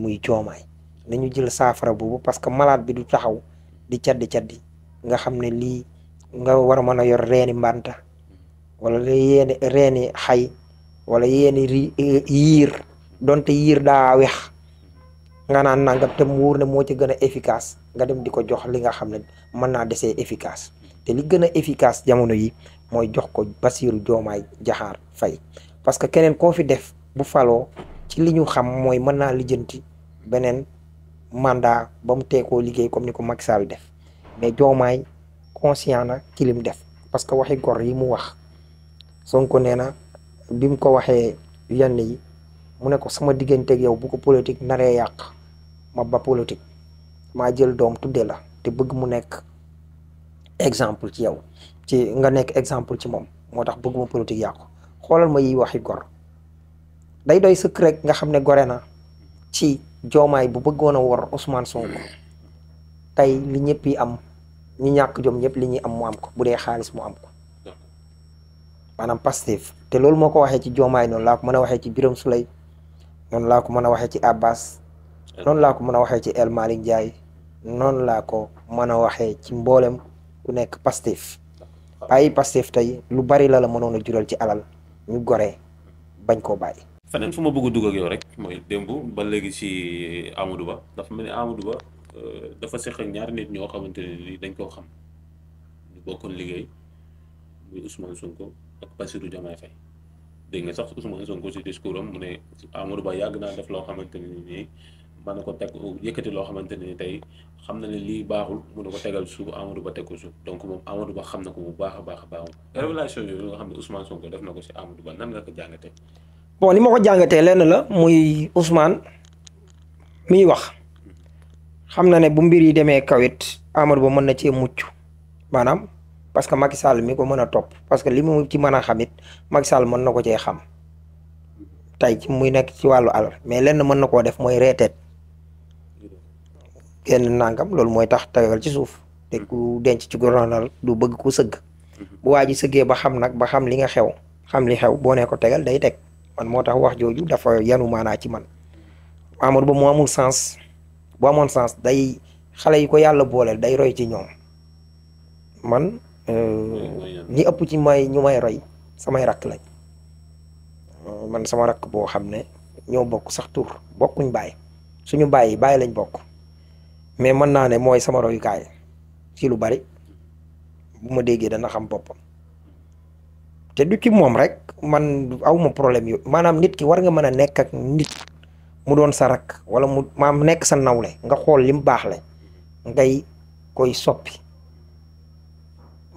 muy joomaay nañu jël saafara boobu parce que malaat bi du taxaw di caddi caddi nga xam ne lii nga war a mën a yor reeni mbanta wala la yéeni reeni xay wala yéeni eh, yiir donte yiir daa wex nga naan nangam te mu wóor ne moo ci gën a efficace nga dem di ko jox li nga xam ne mën naa desee efficace te li gën a efficace jamono yi mooy jox ko Basiiru Joomaay Jaxaar Fay parce que keneen koo fi def bu faloo ci li ñu xam mooy mën naa lijjanti beneen mandat ba mu teekoo liggéey comme ni ko mag Sall def mais Joomaay conscient na ci lim def parce que waxi gor yi mu wax Sonko nee na bi mu ko waxee yenn yi mu ne ko sama digganteeg yow bu ko politique naree yàq ma ba politique maa jël doom tuddee la te bëgg mu nekk exemple ci yow ci nga nekk exemple ci moom moo tax bëgguma politique yàqu xoolal ma yi waxi gor day doy sëkk rek nga xam ne gore na ci joomaay bu bëggoon a war Ousmane Sonko tey li ñëpp yi am ñu ñàkk jom ñëpp li ñuy am mu am ko bu dee xaalis mu am ko maanaam Pastef te loolu moo ko waxee ci Diomaye noonu laa ko mën a waxee ci Birame Souleye noonu laa ko mën a waxee ci Abbas noonu laa ko mën a waxee ci El Malick Ndiaye noonu laa ko mën a waxee ci mbooleem ku nekk Pastef bàyyi Pastef tey lu bari la la mënoon a jural ci alal ñu goree bañ koo bàyyi. feneen fu ma bëgg a dugg ak rek mooy démb ba léegi ci Amadou Ba dafa mel ni Amadou euh, dafa seq ak ñaari nit ñoo xamante ne ni dañ koo xam ñu bokkoon liggéey muy Ousmane ak Bassirou Diomaye Faye dégg nga sax Ousmane Sonko si discours am mu ne Amadou yàgg naa def loo xamante ne nii mën na ko teg yëkkati loo xamante ne tey xam na ne lii baaxul mu ne ko tegal suuf Amadou Ba teg ko suuf donc moom Amadou xam na ko bu baax a baax a baaxul révélation yooyu nga xam ne Ousmane Sonko def na ko si Amadou Ba nan la ko jàngatee. bon li ma ko jàngatee lenn la muy Ousmane miy wax xam na ne bu mbir yi demee kawit Amadou Ba mën na cee mucc maanaam. parce que Macky Sall mi ko mën a topp parce que li mu ci man a xamit it Sall mën na ko cee xam tey ci muy nekk ci wàllu alal mais lenn mën na koo def mooy reeteet kenn nangam loolu mooy tax tawewal ci suuf te ku denc ci goronal du bëgg ku sëgg bu waa ji sëggee ba xam nag ba xam li nga xew xam li xew boo ne ko tegal day teg man moo tax wax jooju dafa yanu maanaa ci man Amadou Ba mu amul sens bu amoon sens day xale yi ko yàlla booleel day roy ci ñoom Euh, ñi ëpp ci may ñu may roy samay rakk lañ euh, man sama rakk boo xam ne ñoo bokk sax tur bokkuñ baay suñu baay yi baay lañ bokk mais mën naa ne mooy sama royukaay ci lu bari bu ma déggee dana xam boppam te du ci moom rek man awma problème yu maanaam nit ki war nga mën a nekk ak nit mu doon sa rakk wala mu maam nekk sa nawle nga xool li mu baax le ngay koy soppi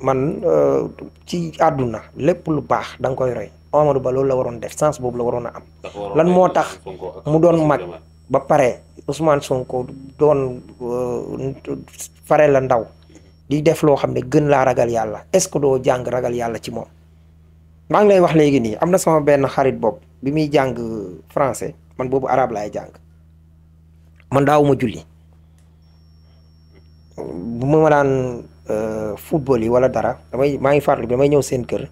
man euh, ci àdduna lépp lu baax da nga koy roy Amadou Ba loolu la waroon def sens boobu la waroon a am lan moo tax mu doon mag ba pare Ousmane Sonko doon euh, fare la ndaw di def loo xam ne gën laa ragal yàlla est-ce que doo jàng ragal yàlla ci moom maa ngi lay wax léegi nii am na sama benn xarit boobu bi muy jàng français man boobu arabe laay jàng man daawuma julli bu ma daan Euh, football yi wala dara damay maa ngi farlu bi damay ñëw seen kër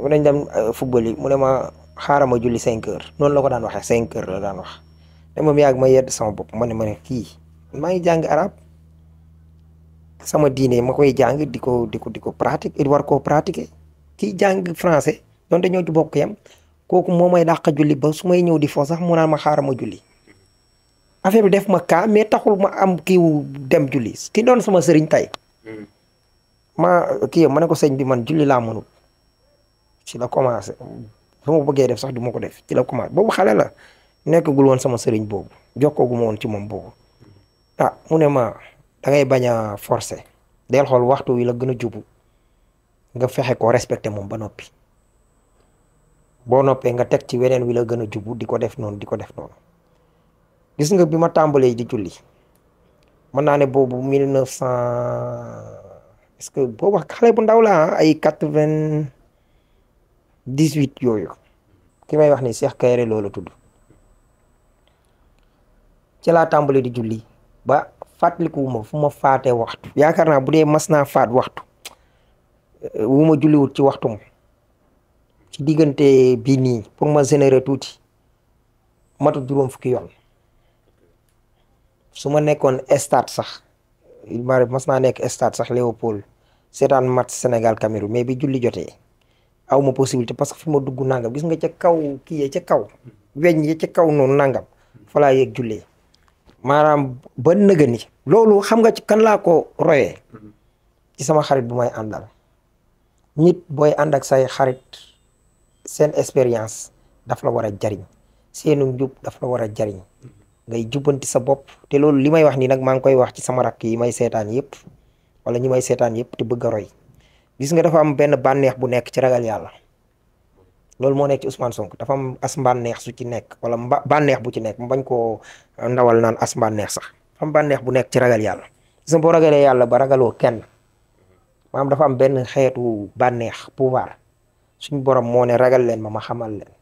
mu dañ dem euh, football ma xaaral ma julli cinq heures noonu la ko daan waxee cinq heures wax te moom ma ma ne maa ngi jàng arab sama ma koy jàng di ko di di ko pratique il war koo pratiquer kii jàng bokk yam kooku moo may dàq ba su may ñëw di foo sax mu naa ma xaaral ma julli affaire bi def ma kaa mais taxul ma am kiiwu dem julli ki doon sama sëriñ tay Mm. ma kii ma ne ko sëñ bi man julli laa mënul ci la commencé su ma buggee def sax di ma ko def ci la commencé boobu xale la nekkagul woon sama sëriñ boobu jokkooguma woon ci moom boobu ah mu ne ma da ngay bañ a forcer del xool waxtu wi la gën a jubu nga fexe ko respecté moom ba noppi boo noppee nga teg ci weneen wi la gën a jubu di ko def noonu di ko def noonu gis nga bi ma tàmbalee di julli man naa ne boobu mille neuf cent parce que boobu xale bu ndaw la ay quatre vingt dix huit yooyu ki may wax ni Cheikh Kayre loola tudd calaa laa di julli ba fàttaliku wu ma fu ma faatee waxtu yaakaar naa bu dee mas naa faat waxtu euh, wuma ma julliwut ci waxtu ma ci diggante bii nii pour ma générer tuuti matu juróom fukki yoon su ma nekkoon state sax il mari naa nekk stade sax Léopold seetaan mat Sénégal Cameroun mais bi julli jotee aw ma possibilité parce que fi ma dugg nangam gis nga ca kaw kii ya ca kaw weñ ya ca kaw noonu nangam fa laa yëg jullee maanaam ba nëga loolu xam nga ci kan laa ko royee ci sama xarit bu may àndal nit booy ànd ak say xarit seen expérience daf la war a jariñ seenu njub daf la war a jariñ ngay jubbanti sa bopp te loolu li may wax nii nag maa ngi koy wax ci sama rakk yi may seetaan yëpp wala ñi may seetaan yëpp te bëgg a roy gis nga dafa am benn bànneex bu nekk ci ragal yàlla loolu moo nekk ci Ousmane dafa am as su ci nekk wala mba bànneex bu ci nekk bañ koo ndawal naan as mbànneex sax am bànneex bu nekk ci ragal yàlla boo ragalee yàlla ba ragaloo kenn maanaam dafa am benn xeetu bànneex pouvoir suñ borom moo ne ragal leen ma ma xamal leen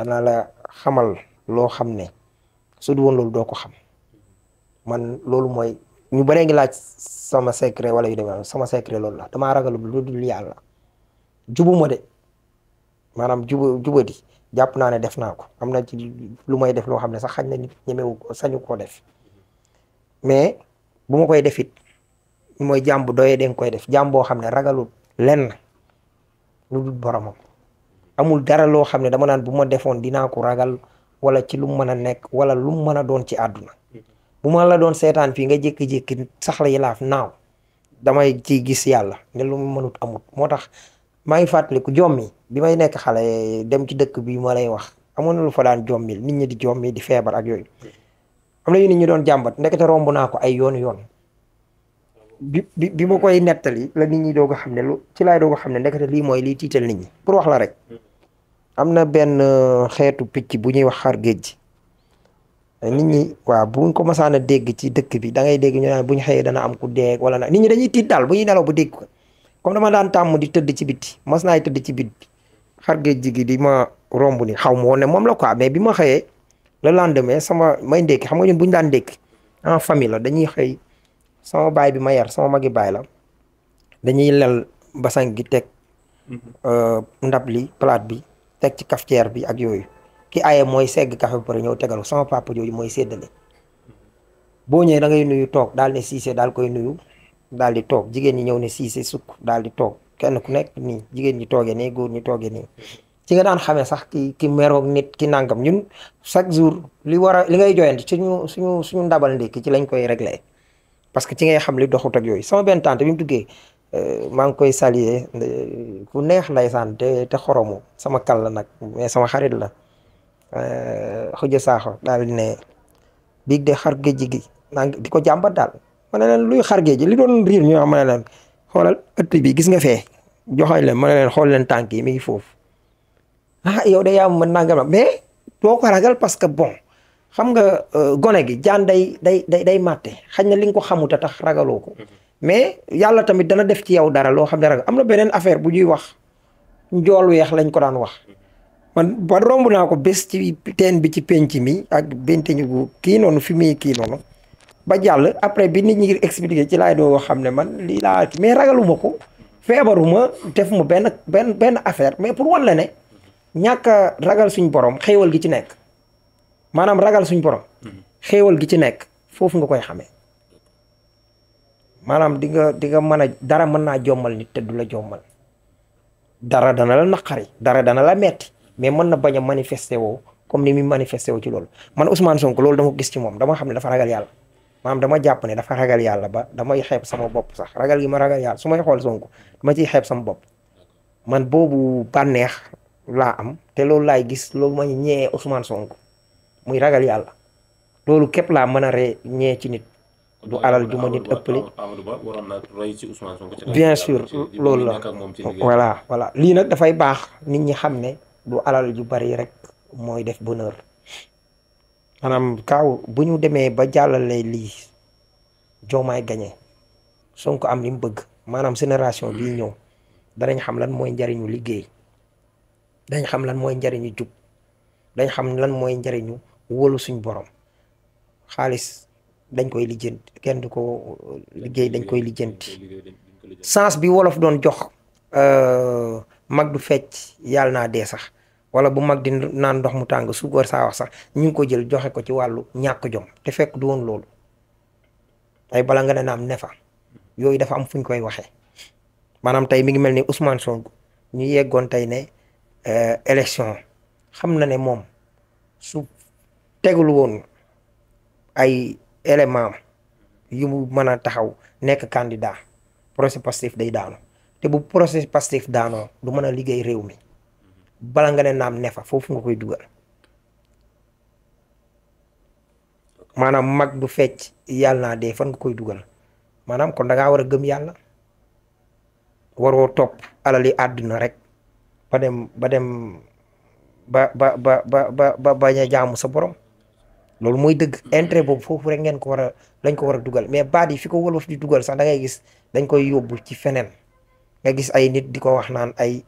dana la xamal loo xam ne su du woon loolu doo ko xam man loolu mooy ñu baree ngi laaj sama secret wala yu demee sama secret loolu la damaa ragal lu dul yàlla jubuma de maanaam juba jubadi jàpp naa ne def naa ko am na ci lu may def loo xam ne sax xañ na nit ñemewu ko sañu koo def mais bu ma koy def mooy jàmb doyee danga koy def jàmm boo xam ne ragalul lenn lu dul boromam amul dara loo xam ne dama naan bu ma defoon dinaa ko ragal wala ci lu mu mën a nekk wala lu mu mën a doon ci àdduna bu ma la doon seetaan fii nga jékki-jékki saxla yi laaf naaw damay ci gis yàlla ne lu mu mënut amut moo tax maa ngi fàttaliku jommi bi may nekk xale dem ci dëkk bi ma lay wax amoon na lu fa daan jommil nit ñi di jommi di feebar ak yooyu am na yu nit ñi doon jàmbat ndekete naa ko ay yoonu yoon bi bi bi ma koy la nit ñi doog a xam ne lu ci laay doog a xam ne ndekete lii mooy lii tiital nit ñi pour wax la rek am na benn euh, xeetu picc bu ñuy wax xar géej nit ñi waaw buñ ko masaan a dégg ci dëkk bi dangay dégg ñu naan bu ñu xëyee dana am ku dee wala nag nit ñi dañuy tiit daal bu ñuy nelaw bu dégg ko comme dama daan tàmm di tëdd ci biti mas naay tëdd ci biti xar géej ji gi di ma romb ni xaw ma woon moom la quoi mais bi ma xëyee le lendemain sama may ndékki xam nga ñun bu ñu daan ndékki en famille la dañuy xëy sama baay bi ma yar sama magi baay la dañuy lel basang gi teg mm-hmm. euh, ndab li palaat bi teg ci cafetière bi ak yooyu ki aaye mooy segg café ba pare ñëw tegal ko sama papa jooju mooy séddale boo ñëwee na ngay nuyu toog daal ne siise daal koy nuyu daal di toog jigéen ñi ñëw ne siise sukk daal di toog kenn ku nekk nii jigéen ñi toogee nii góor ñi toogee nii ci nga daan xamee sax ki ki meroog nit ki nangam ñun chaque jour li war a li ngay joyante suñu suñu suñu ndabal ndékki ci lañ koy réglé parce que ci ngay xam li doxut ak yooyu sama benn tante bi mu duggee maa ngi koy saluer ku neex lay te te xoromu sama kal la nag mais sama xarit la xuja euh, saaxo daal ne biig de xar géej gi naa di ko jàmbat daal ma ne leen luy xar géej gi li doon riir ñu ma ne leen xoolal ëtt bi gis nga fee joxoñ leen ma ne leen xool leen tànk yi mi ngi foofu ah yow de yaa ma nangam ma mais doo ko ragal parce que bon xam nga euh, gone gi jaan day day day day màtte xañ na li nga ko xamut a tax ragaloo ko mm-hmm. mais yàlla tamit dana def ci yow dara loo xam ne am na beneen affaire bu ñuy wax njool weex lañ ko daan wax man ba romb naa ko bés ci teen bi ci penc mi ak benteñu gu kii noonu fi muy kii noonu ba jàll après bi nit ñi ngir expliqué ci laay doo xam ne man lii laa mais ragaluma ko feebaruma def mu benn benn benn affaire mais pour wan la ne ñàkk a ragal suñ borom xéewal gi ci nekk maanaam ragal suñ borom mm-hmm. xéewal gi ci nekk foofu nga koy xame maanaam di nga di nga mën a dara mën naa jommal nit te du la jommal dara dana la naqari dara dana la metti mais mën na bañ a manifester woo comme ni muy manifester woo ci loolu man Ousmane Sonko loolu dama gis ci moom dama xam ne dafa ragal yàlla maanaam dama jàpp ne dafa ragal yàlla ba damay xeeb sama bopp sax ragal gi ma ragal yàlla su may xool Sonko dama ciy xeeb sama bopp man boobu bànneex laa am te loolu laay gis loolu ma ñee Ousmane Sonko muy ragal yàlla loolu képp laa mën a ree ñee ci nit du alal ju ma nit ëppale. bien sûr loolu la voilà voilà lii nag dafay baax nit ñi xam ne du alal ju bari rek mooy def bonheur maanaam kaaw bu ñu demee ba jàllale lii joomaay gañe Sonko am li bëgg maanaam sénération bii ñëw danañ xam lan mooy njariñu liggéey dañ xam lan mooy njariñu jub dañ xam lan mooy njariñu wóolu suñ boroom xaalis dañ koy lijjanti kenn du ko liggéey dañ koy lijjanti sens bi wolof doon jox euh, mag du fecc yàlla naa dee sax wala bu mag di naan ndox mu tàng suukar saa wax sax ñu ngi ko jël joxe ko ci wàllu ñàkk jom te fekk du woon loolu ay bala nga ne naam ne yooyu dafa am fu ñu koy waxee maanaam tey mi ngi mel ni Ousmane Sonko ñu yeggoon tey ne euh, élection xam na ne moom su tegul woon ay. élément am yu mu mën a taxaw nekk candidat procès Pastef day daanu te bu procès Pastef daanoo du mën a liggéey réew mi bala nga ne naam nefa foofu nga koy dugal maanaam mag du fecc yàlla naa dee fan nga koy dugal maanaam kon da ngaa war a gëm yàlla waroo topp alali àdduna rek ba dem ba dem ba ba ba ba ba bañ a jaamu sa borom loolu mooy dëgg intérêt boobu foofu rek ngeen ko war a ko war a dugal mais baat yi fi ko wolof di dugal sax da gis dañ koy yóbbu ci feneen nga gis ay nit di ko wax naan ay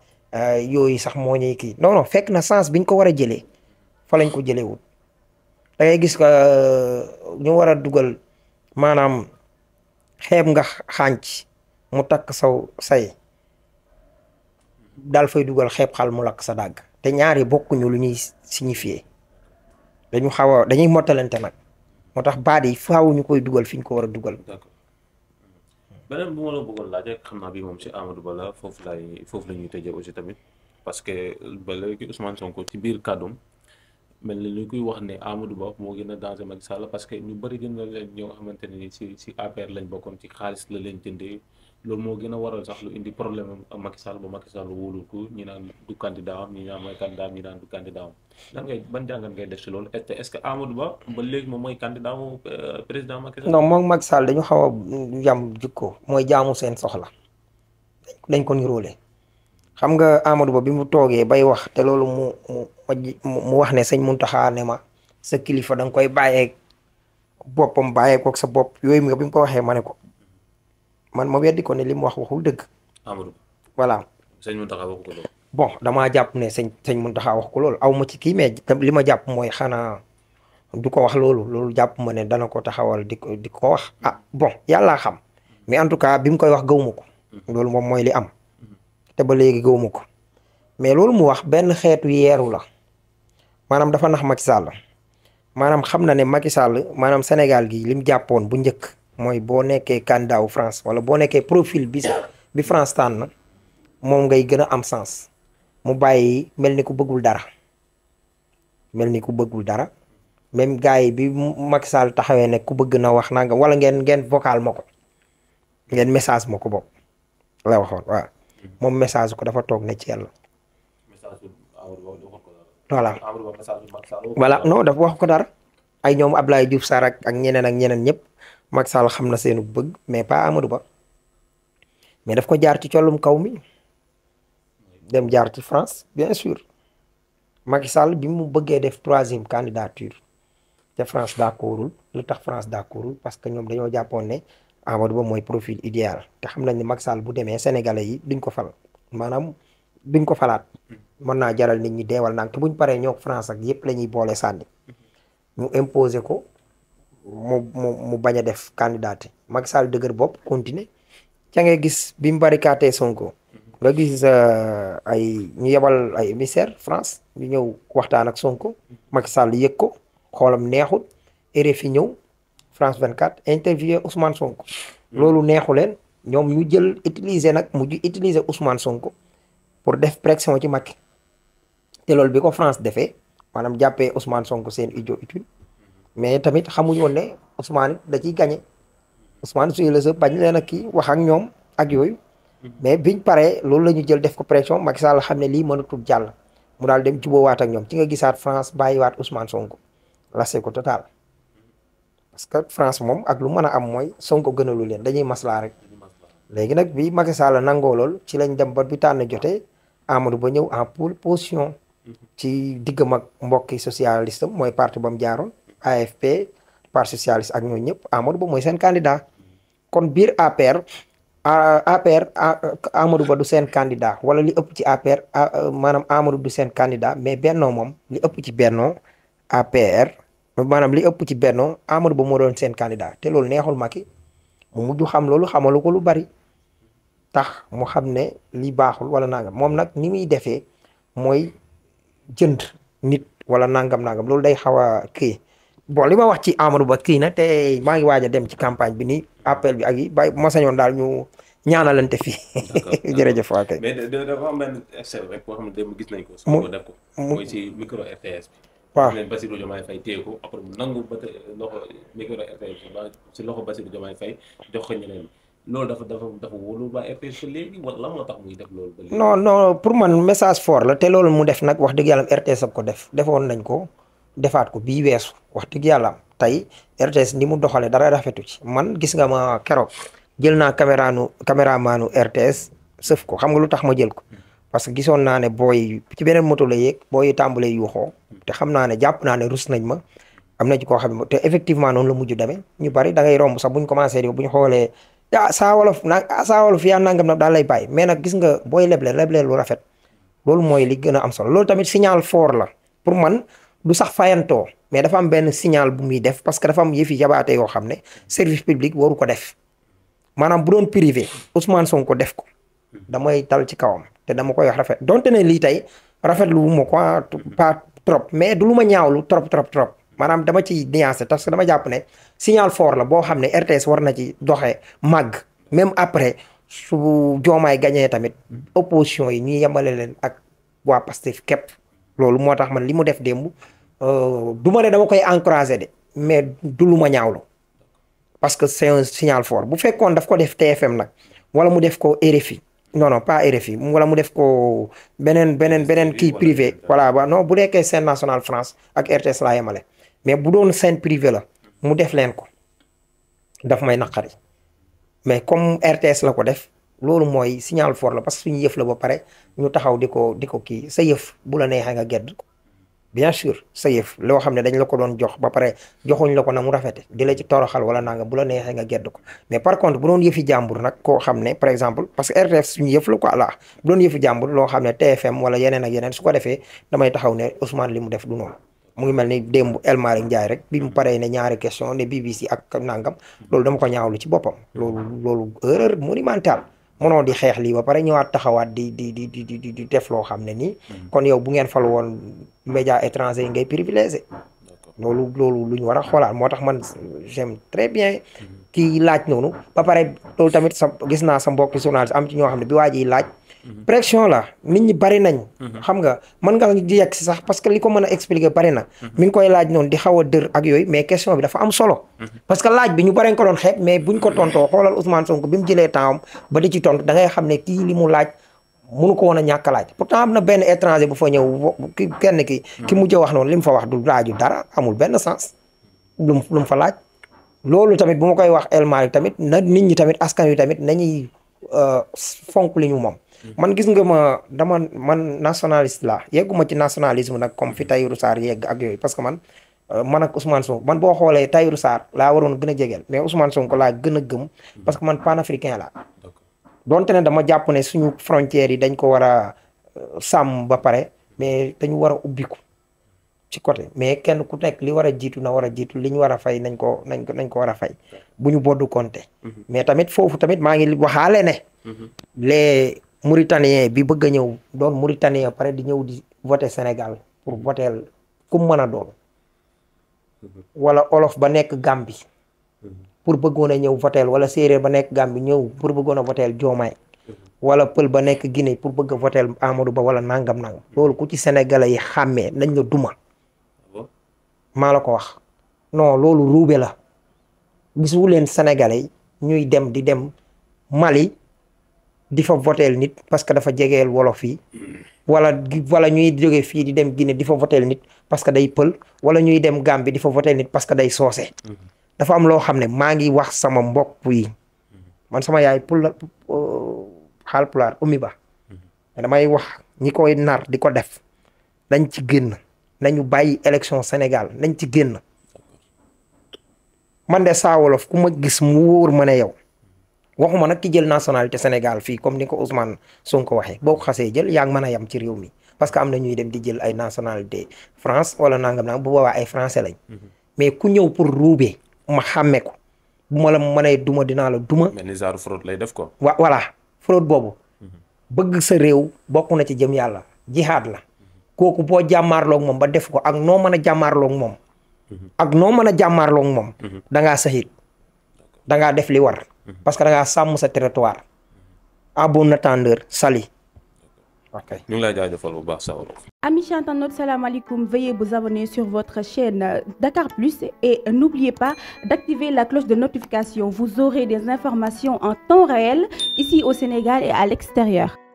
yooyu sax moo ñuy kii non non fekk na sens ñu ko war a jëlee fa lañ ko jëlee wut da ngay gis euh, ñu war a dugal maanaam xeeb nga xànc mu takk saw say daal fay dugal xeeb xal mu lakk sa dàgg te ñaari bokkuñu lu ñuy signifier dañu xaw a dañuy mottalante nag moo tax baat yi faaw ñu koy dugal fi ñu ko war a dugal. d'accord beneen bu ma la bëggoon laaj xam naa bi moom si Amadou Ba la foofu laay foofu la ñuy tëjee aussi tamit parce que ba léegi Ousmane Sonko ci biir kàddum mel ni ñu koy wax ne Amadou Ba moo gën a danger Macky Sall parce que ñu bëri a leen ñoo xamante ne si si APR lañ bokkoon ci xaalis la leen jëndee. loolu moo gën a waral sax lu indi problème am Macky Sall ba Macky Sall wóolul ko ñi naan du candidat am ñi naan mooy candidat am ñi naan du candidat am lan ngay ban jàngat ngay def si loolu est ce que Amadou Ba ba léegi moom mooy candidat mu euh, président Macky Sall. non moom Macky Sall dañu xaw a yam jikko mooy jaamu seen soxla dañ ko niróole xam nga Amadou Ba bi mu toogee bay wax te loolu mu mu mu wax ne sëñ Mountakha ne ma sa kilifa da nga koy bàyyeeg boppam bàyyeeg ko sa bopp yooyu bi mu ko waxee ma ne ko. man ma weddi ko ne li mu wax waxul dëgg. Amadou. voilà. sëñ Mountakha waxu ko loolu. bon damaa jàpp ne sëñ sëñ Mountakha wax ko loolu aw ma ci kii mais li ma jàpp mooy xanaa du ko wax loolu loolu jàpp ma ne dana ko taxawal di ko di ko wax. ah bon yàllaa xam mais tout cas bi mu koy wax gëwuma ko. Hmm. loolu moom mooy li am. Hmm. te ba léegi gëwuma ko. mais loolu mu wax benn xeetu yeeru la maanaam dafa nax Macky Sall maanaam xam na ne Macky Sall maanaam Sénégal gi lim jàppoon bu njëkk. mooy boo nekkee candidat France wala boo nekkee profil bi bi France tànn moom ngay gën a am sens mu bàyyi mel ni ku bëggul dara mel ni ku bëggul dara même gars yi bi Macky Sall taxawee ne ku bëgg na wax nanga wala ngeen ngeen vocal ma ko ngeen message ma ko bopp la moom message ko dafa toog ne ci yàlla. voilà voilà non dafa wax ko dara ay ñoom Ablaye Diouf Sarr ak ñeneen ak ñeneen ñëpp. Macky Sall xam na seenu bëgg mais pas Amadou Ba mais def ko jaar ci collum kaw mi dem jaar ci France bien sûr Macky Sall bi mu bëggee def troisième candidature te France d'accordul lu tax France d'accordul parce que ñoom dañoo jàppoon ne Amadou Ba mooy profil idéal te xam nañ ni Macky Sall bu demee Sénégalais yi duñ ko fal maanaam duñ ko falaat mën naa jaral nit ñi deewal naag bu ñu paree ñoo France ak yépp la ñuy boole sànni ñu imposer ko. mu mu mu bañ a def candidaté Macky Sall dëgër bopp continuer ca ngay gis bi mu barikaatee Sonko nga gis euh, ay ñu yebal ay émissaire France ñu ñëw waxtaan ak Sonko Macky Sall yëg ko xoolam neexul RFI ñëw France 24 interviewé Ousmane Sonko loolu neexu leen ñoom ñu jël utiliser nag mu utiliser Ousmane Sonko pour def pression ci Macky te loolu bi ko France defee maanaam jàppee Ousmane Sonko seen idiot utile mais tamit xamuñu woon ne Ousmane it da ciy gagné Ousmane suy la sa bañ leen ak kii wax ak ñoom ak yooyu. mais biñ paree loolu la ñu jël def ko pression Macky Sall xam ne lii mënatul jàll. mu daal dem jubóowaat ak ñoom ci nga gisaat France bàyyiwaat Ousmane Sonko lase ko total parce que France moom ak lu mën a am mooy Sonko gënalu leen dañuy maslaa rek. léegi nag bi Macky Sall nangoo lool ci lañ dem ba bi tànn jotee Amadou Ba ñëw en pole position. ci digg mag mbokki socialiste mooy parti ba mu jaaroon. AFP parti socialiste ak ñooñu ñëpp Amadou Ba mooy seen candidat kon biir APR APR Amadou Ba du seen candidat wala li ëpp ci APR maanaam Amadou du seen candidat mais bennoo moom li ëpp ci bennoo APR maanaam li ëpp ci bennoo Amadou Ba moo doon seen candidat te loolu neexul Macky mu mujj xam loolu xamalu ko lu bari tax mu xam ne li baaxul wala nangam moom nag ni muy defee mooy jënd nit wala nangam nangam loolu day xaw a kii bon li ma wax ci Amadou Ba kii na te maa ngi waaj a dem ci campagne bi nii appel bi ak yi bay ma sañoon daal ñu ñaanalante fii. (laughs) jërëjëf waa kay. mais dafa gis nañ ko. mu ko def ko mooy ci micro RTS bi. waaw leen Bassirou Diomaye Faye ko après mu nangu ba RTS si loxo Bassirou Diomaye fay jox ko ñeneen loolu dafa dafa dafa wóolu ba RTS moo tax muy def loolu. non no pour man message foor la te loolu mu def nag wax dëgg yàlla RTS ak ko def defoon nañ ko. defaat ko bii weesu wax dëgg yàlla tey RTS ni mu doxalee dara rafetu ci man gis nga ma keroog jël naa caméra nu RTS sëf ko xam nga lu tax ma jël ko parce que gisoon naa ne booy ci beneen moto la yéeg booy tàmbalee yuuxoo te xam naa ne jàpp naa ne rus nañ ma am na ci koo xam ne te effectivement noonu la mujj demee ñu bari da ngay romb sax buñ commencé di bu ñu xoolee ah saa na ah, saa wolof nangam na daal lay bàyyi mais nag gis nga booy leble leble lu rafet loolu mooy li gën a am solo loolu tamit signal fort la pour man du sax fayantoo mais dafa am benn signal bu muy def parce que dafa am yëfi yabaate yoo xam ne service public waru ko def maanaam bu doon privé Ousmane ko def ko damay dal ci kawam te dama koy wax rafet donte ne lii tey rafetlu wu ma quoi pas trop mais du lu ma ñaawlu trop trop trop maanaam dama ci nuancé parce que dama jàpp ne signal fort la boo xam ne RTS war na ci doxee màgg même après su joomaay gañee tamit opposition yi ñu yemale leen ak waa Pastef képp loolu moo tax man li mu def démb Euh, du ma ne dama koy encouragé de mais du lu ma ñaawlu parce que c'est un signal fort bu fekkoon daf ko def TFM nag wala mu def ko RFI non non pas RFI wala mu def ko beneen beneen beneen kii privé voilà ba bu nekkee scène nationale France ak RTS laa yemale mais bu doon scène privé la mu def leen ko daf may naqari mais comme RTS la ko def loolu mooy signal fort la parce que suñu yëf la ba pare ñu taxaw di ko di ko kii sa yëf bu la neexee nga gedd bien sûr sa yëf loo xam ne dañ la ko doon jox ba pare joxuñ la ko na mu rafete di la ci toroxal wala nanga bu la neexee nga gedd ko mais par contre bu doon yëfi jàmbur nag koo xam ne par exemple parce que RTS suñu yëf la ko ala bu doon yëfi loo xam ne TFM wala yeneen ak yeneen su ko defee damay taxaw ne Ousmane li mu def du noonu mu ngi mel ni démb El Malick rek bi mu paree ne ñaari question ne BBC ak nangam loolu dama ko ñaawlu ci boppam loolu loolu erreur monumentale mënoo di xeex lii ba pare ñëwaat taxawaat di di di di di di def loo xam ne nii. Mm-hmm. kon yow bu ngeen fal woon média étranger yi ngay privilégié. loolu loolu lu ñu war a xoolaat moo tax man j'aime très bien mm-hmm. kii laaj noonu ba pare loolu tamit sa gis naa sa mbokki journaliste am ci ñoo xam ne bi waa ji laaj. Mhm. pression la nit ñi bari nañ. Mhm. xam nga mën nga di yegg si sax parce que li ko mën a expliquer bari na. Mhm. mi ngi koy laaj noonu di xaw a dër ak yooyu mais question bi dafa am solo. parce que laaj bi ñu bari ko doon xeeb mais buñ ko tontoo xoolal Ousmane Sonko bi mu jëlee temps ba di ci ngay xam ne kii li mu laaj. munu ko woon a ñàkk laaj pourtant am na benn étranger bu fa ñëw ki kenn ki. ki mujj wax noonu li mu fa wax du laaju dara amul benn sens. lu mu lu fa laaj loolu tamit bu ma koy wax El tamit na nit ñi tamit askan wi tamit nañuy euh, fonk li ñu moom. man gis nga ma dama man nationaliste la yegguma ci nationalisme nag comme fi Tahirou Sarr yegg ak yooyu parce que man euh, man ak Ousmane man boo xoolee Tahirou Sarr laa waroon gën a jegeel mais Ousmane Sonko laa gën a gëm parce que man panafricain la donte ne dama jàpp ne suñu frontières yi dañ ko war a euh, sàmm ba pare mais dañu war a ubbiku ci côté mais kenn ku nekk li war a jiitu na wara jiitu li ñu war a fay nañ ko nañ ko nañ ko war a fay bu ñu boddu compté mhm. mais tamit foofu tamit maa ngi waxaale ne mhm. les Mauritanien bi bëgg a ñëw doon Mauritanien pare di ñëw di voter Sénégal pour mm-hmm. voter kum mën a doon mm-hmm. wala olof ba nekk Gambie mm-hmm. pour bëggoon a ñëw voter wala séeréer ba nekk Gambie ñëw pour bëggoon a voter Diomaye wala pël ba nekk gine pour bëgg a voter Amadou Ba wala nàngam nangam loolu ku ci sénégalais yi xàmmee nañ la duma ah maa la ko wax non loolu ruube la gisuleen sénégalais ñuy dem di dem Mali di fa voteel nit parce que dafa jegeel wolof yi wala wala ñuy jóge fii di dem Guinée di fa nit parce que day pël wala ñuy dem Gambie di fa voteel nit parce que day soose. dafa am loo xam ne maa ngi wax sama mbokk yi man sama yaay pula Haalpulaar euh, Oumy Ba damay wax ñi koy nar di ko def dañ ci génn nañu bàyyi élection Sénégal dañ ci génn man de saa wolof ku ma gis mu wóor ma ne yow. waxuma nag ki jël nationalité Sénégal fii comme ni ko Ousmane Sonko waxee boo ko xasee jël yaa ngi mën a yem ci réew mi parce que am na ñuy dem di jël ay nationalité France wala nangam nangam bu boobaa ay français lañ. Mhm. mais ku ñëw pour ruubee ma xàmme ko bu ma la duma dinaa la duma. mais nisaaru fraude lay def ko. wa voilà fraude boobu. Mhm. bëgg sa réew bokk na ci jëm yàlla jihaad la. kooku boo jàmmaarloog moom ba def ko ak noo mën a jàmmaarloog moom. Mhm. ak noo mën a jàmmaarloog moom. da ngaa sahit def li war. Mhm. parce que da ngaa sàmm sa territoire. à bon entendeur sali. ok ñu ngi lay jaajëfal bu baax Sow. amis veuillez vous abonner sur votre chaîne Dakar Plus et n'oubliez pas d'activer la cloche de notification vous aurez des informations en temps réel ici au Sénégal et à l'extérieur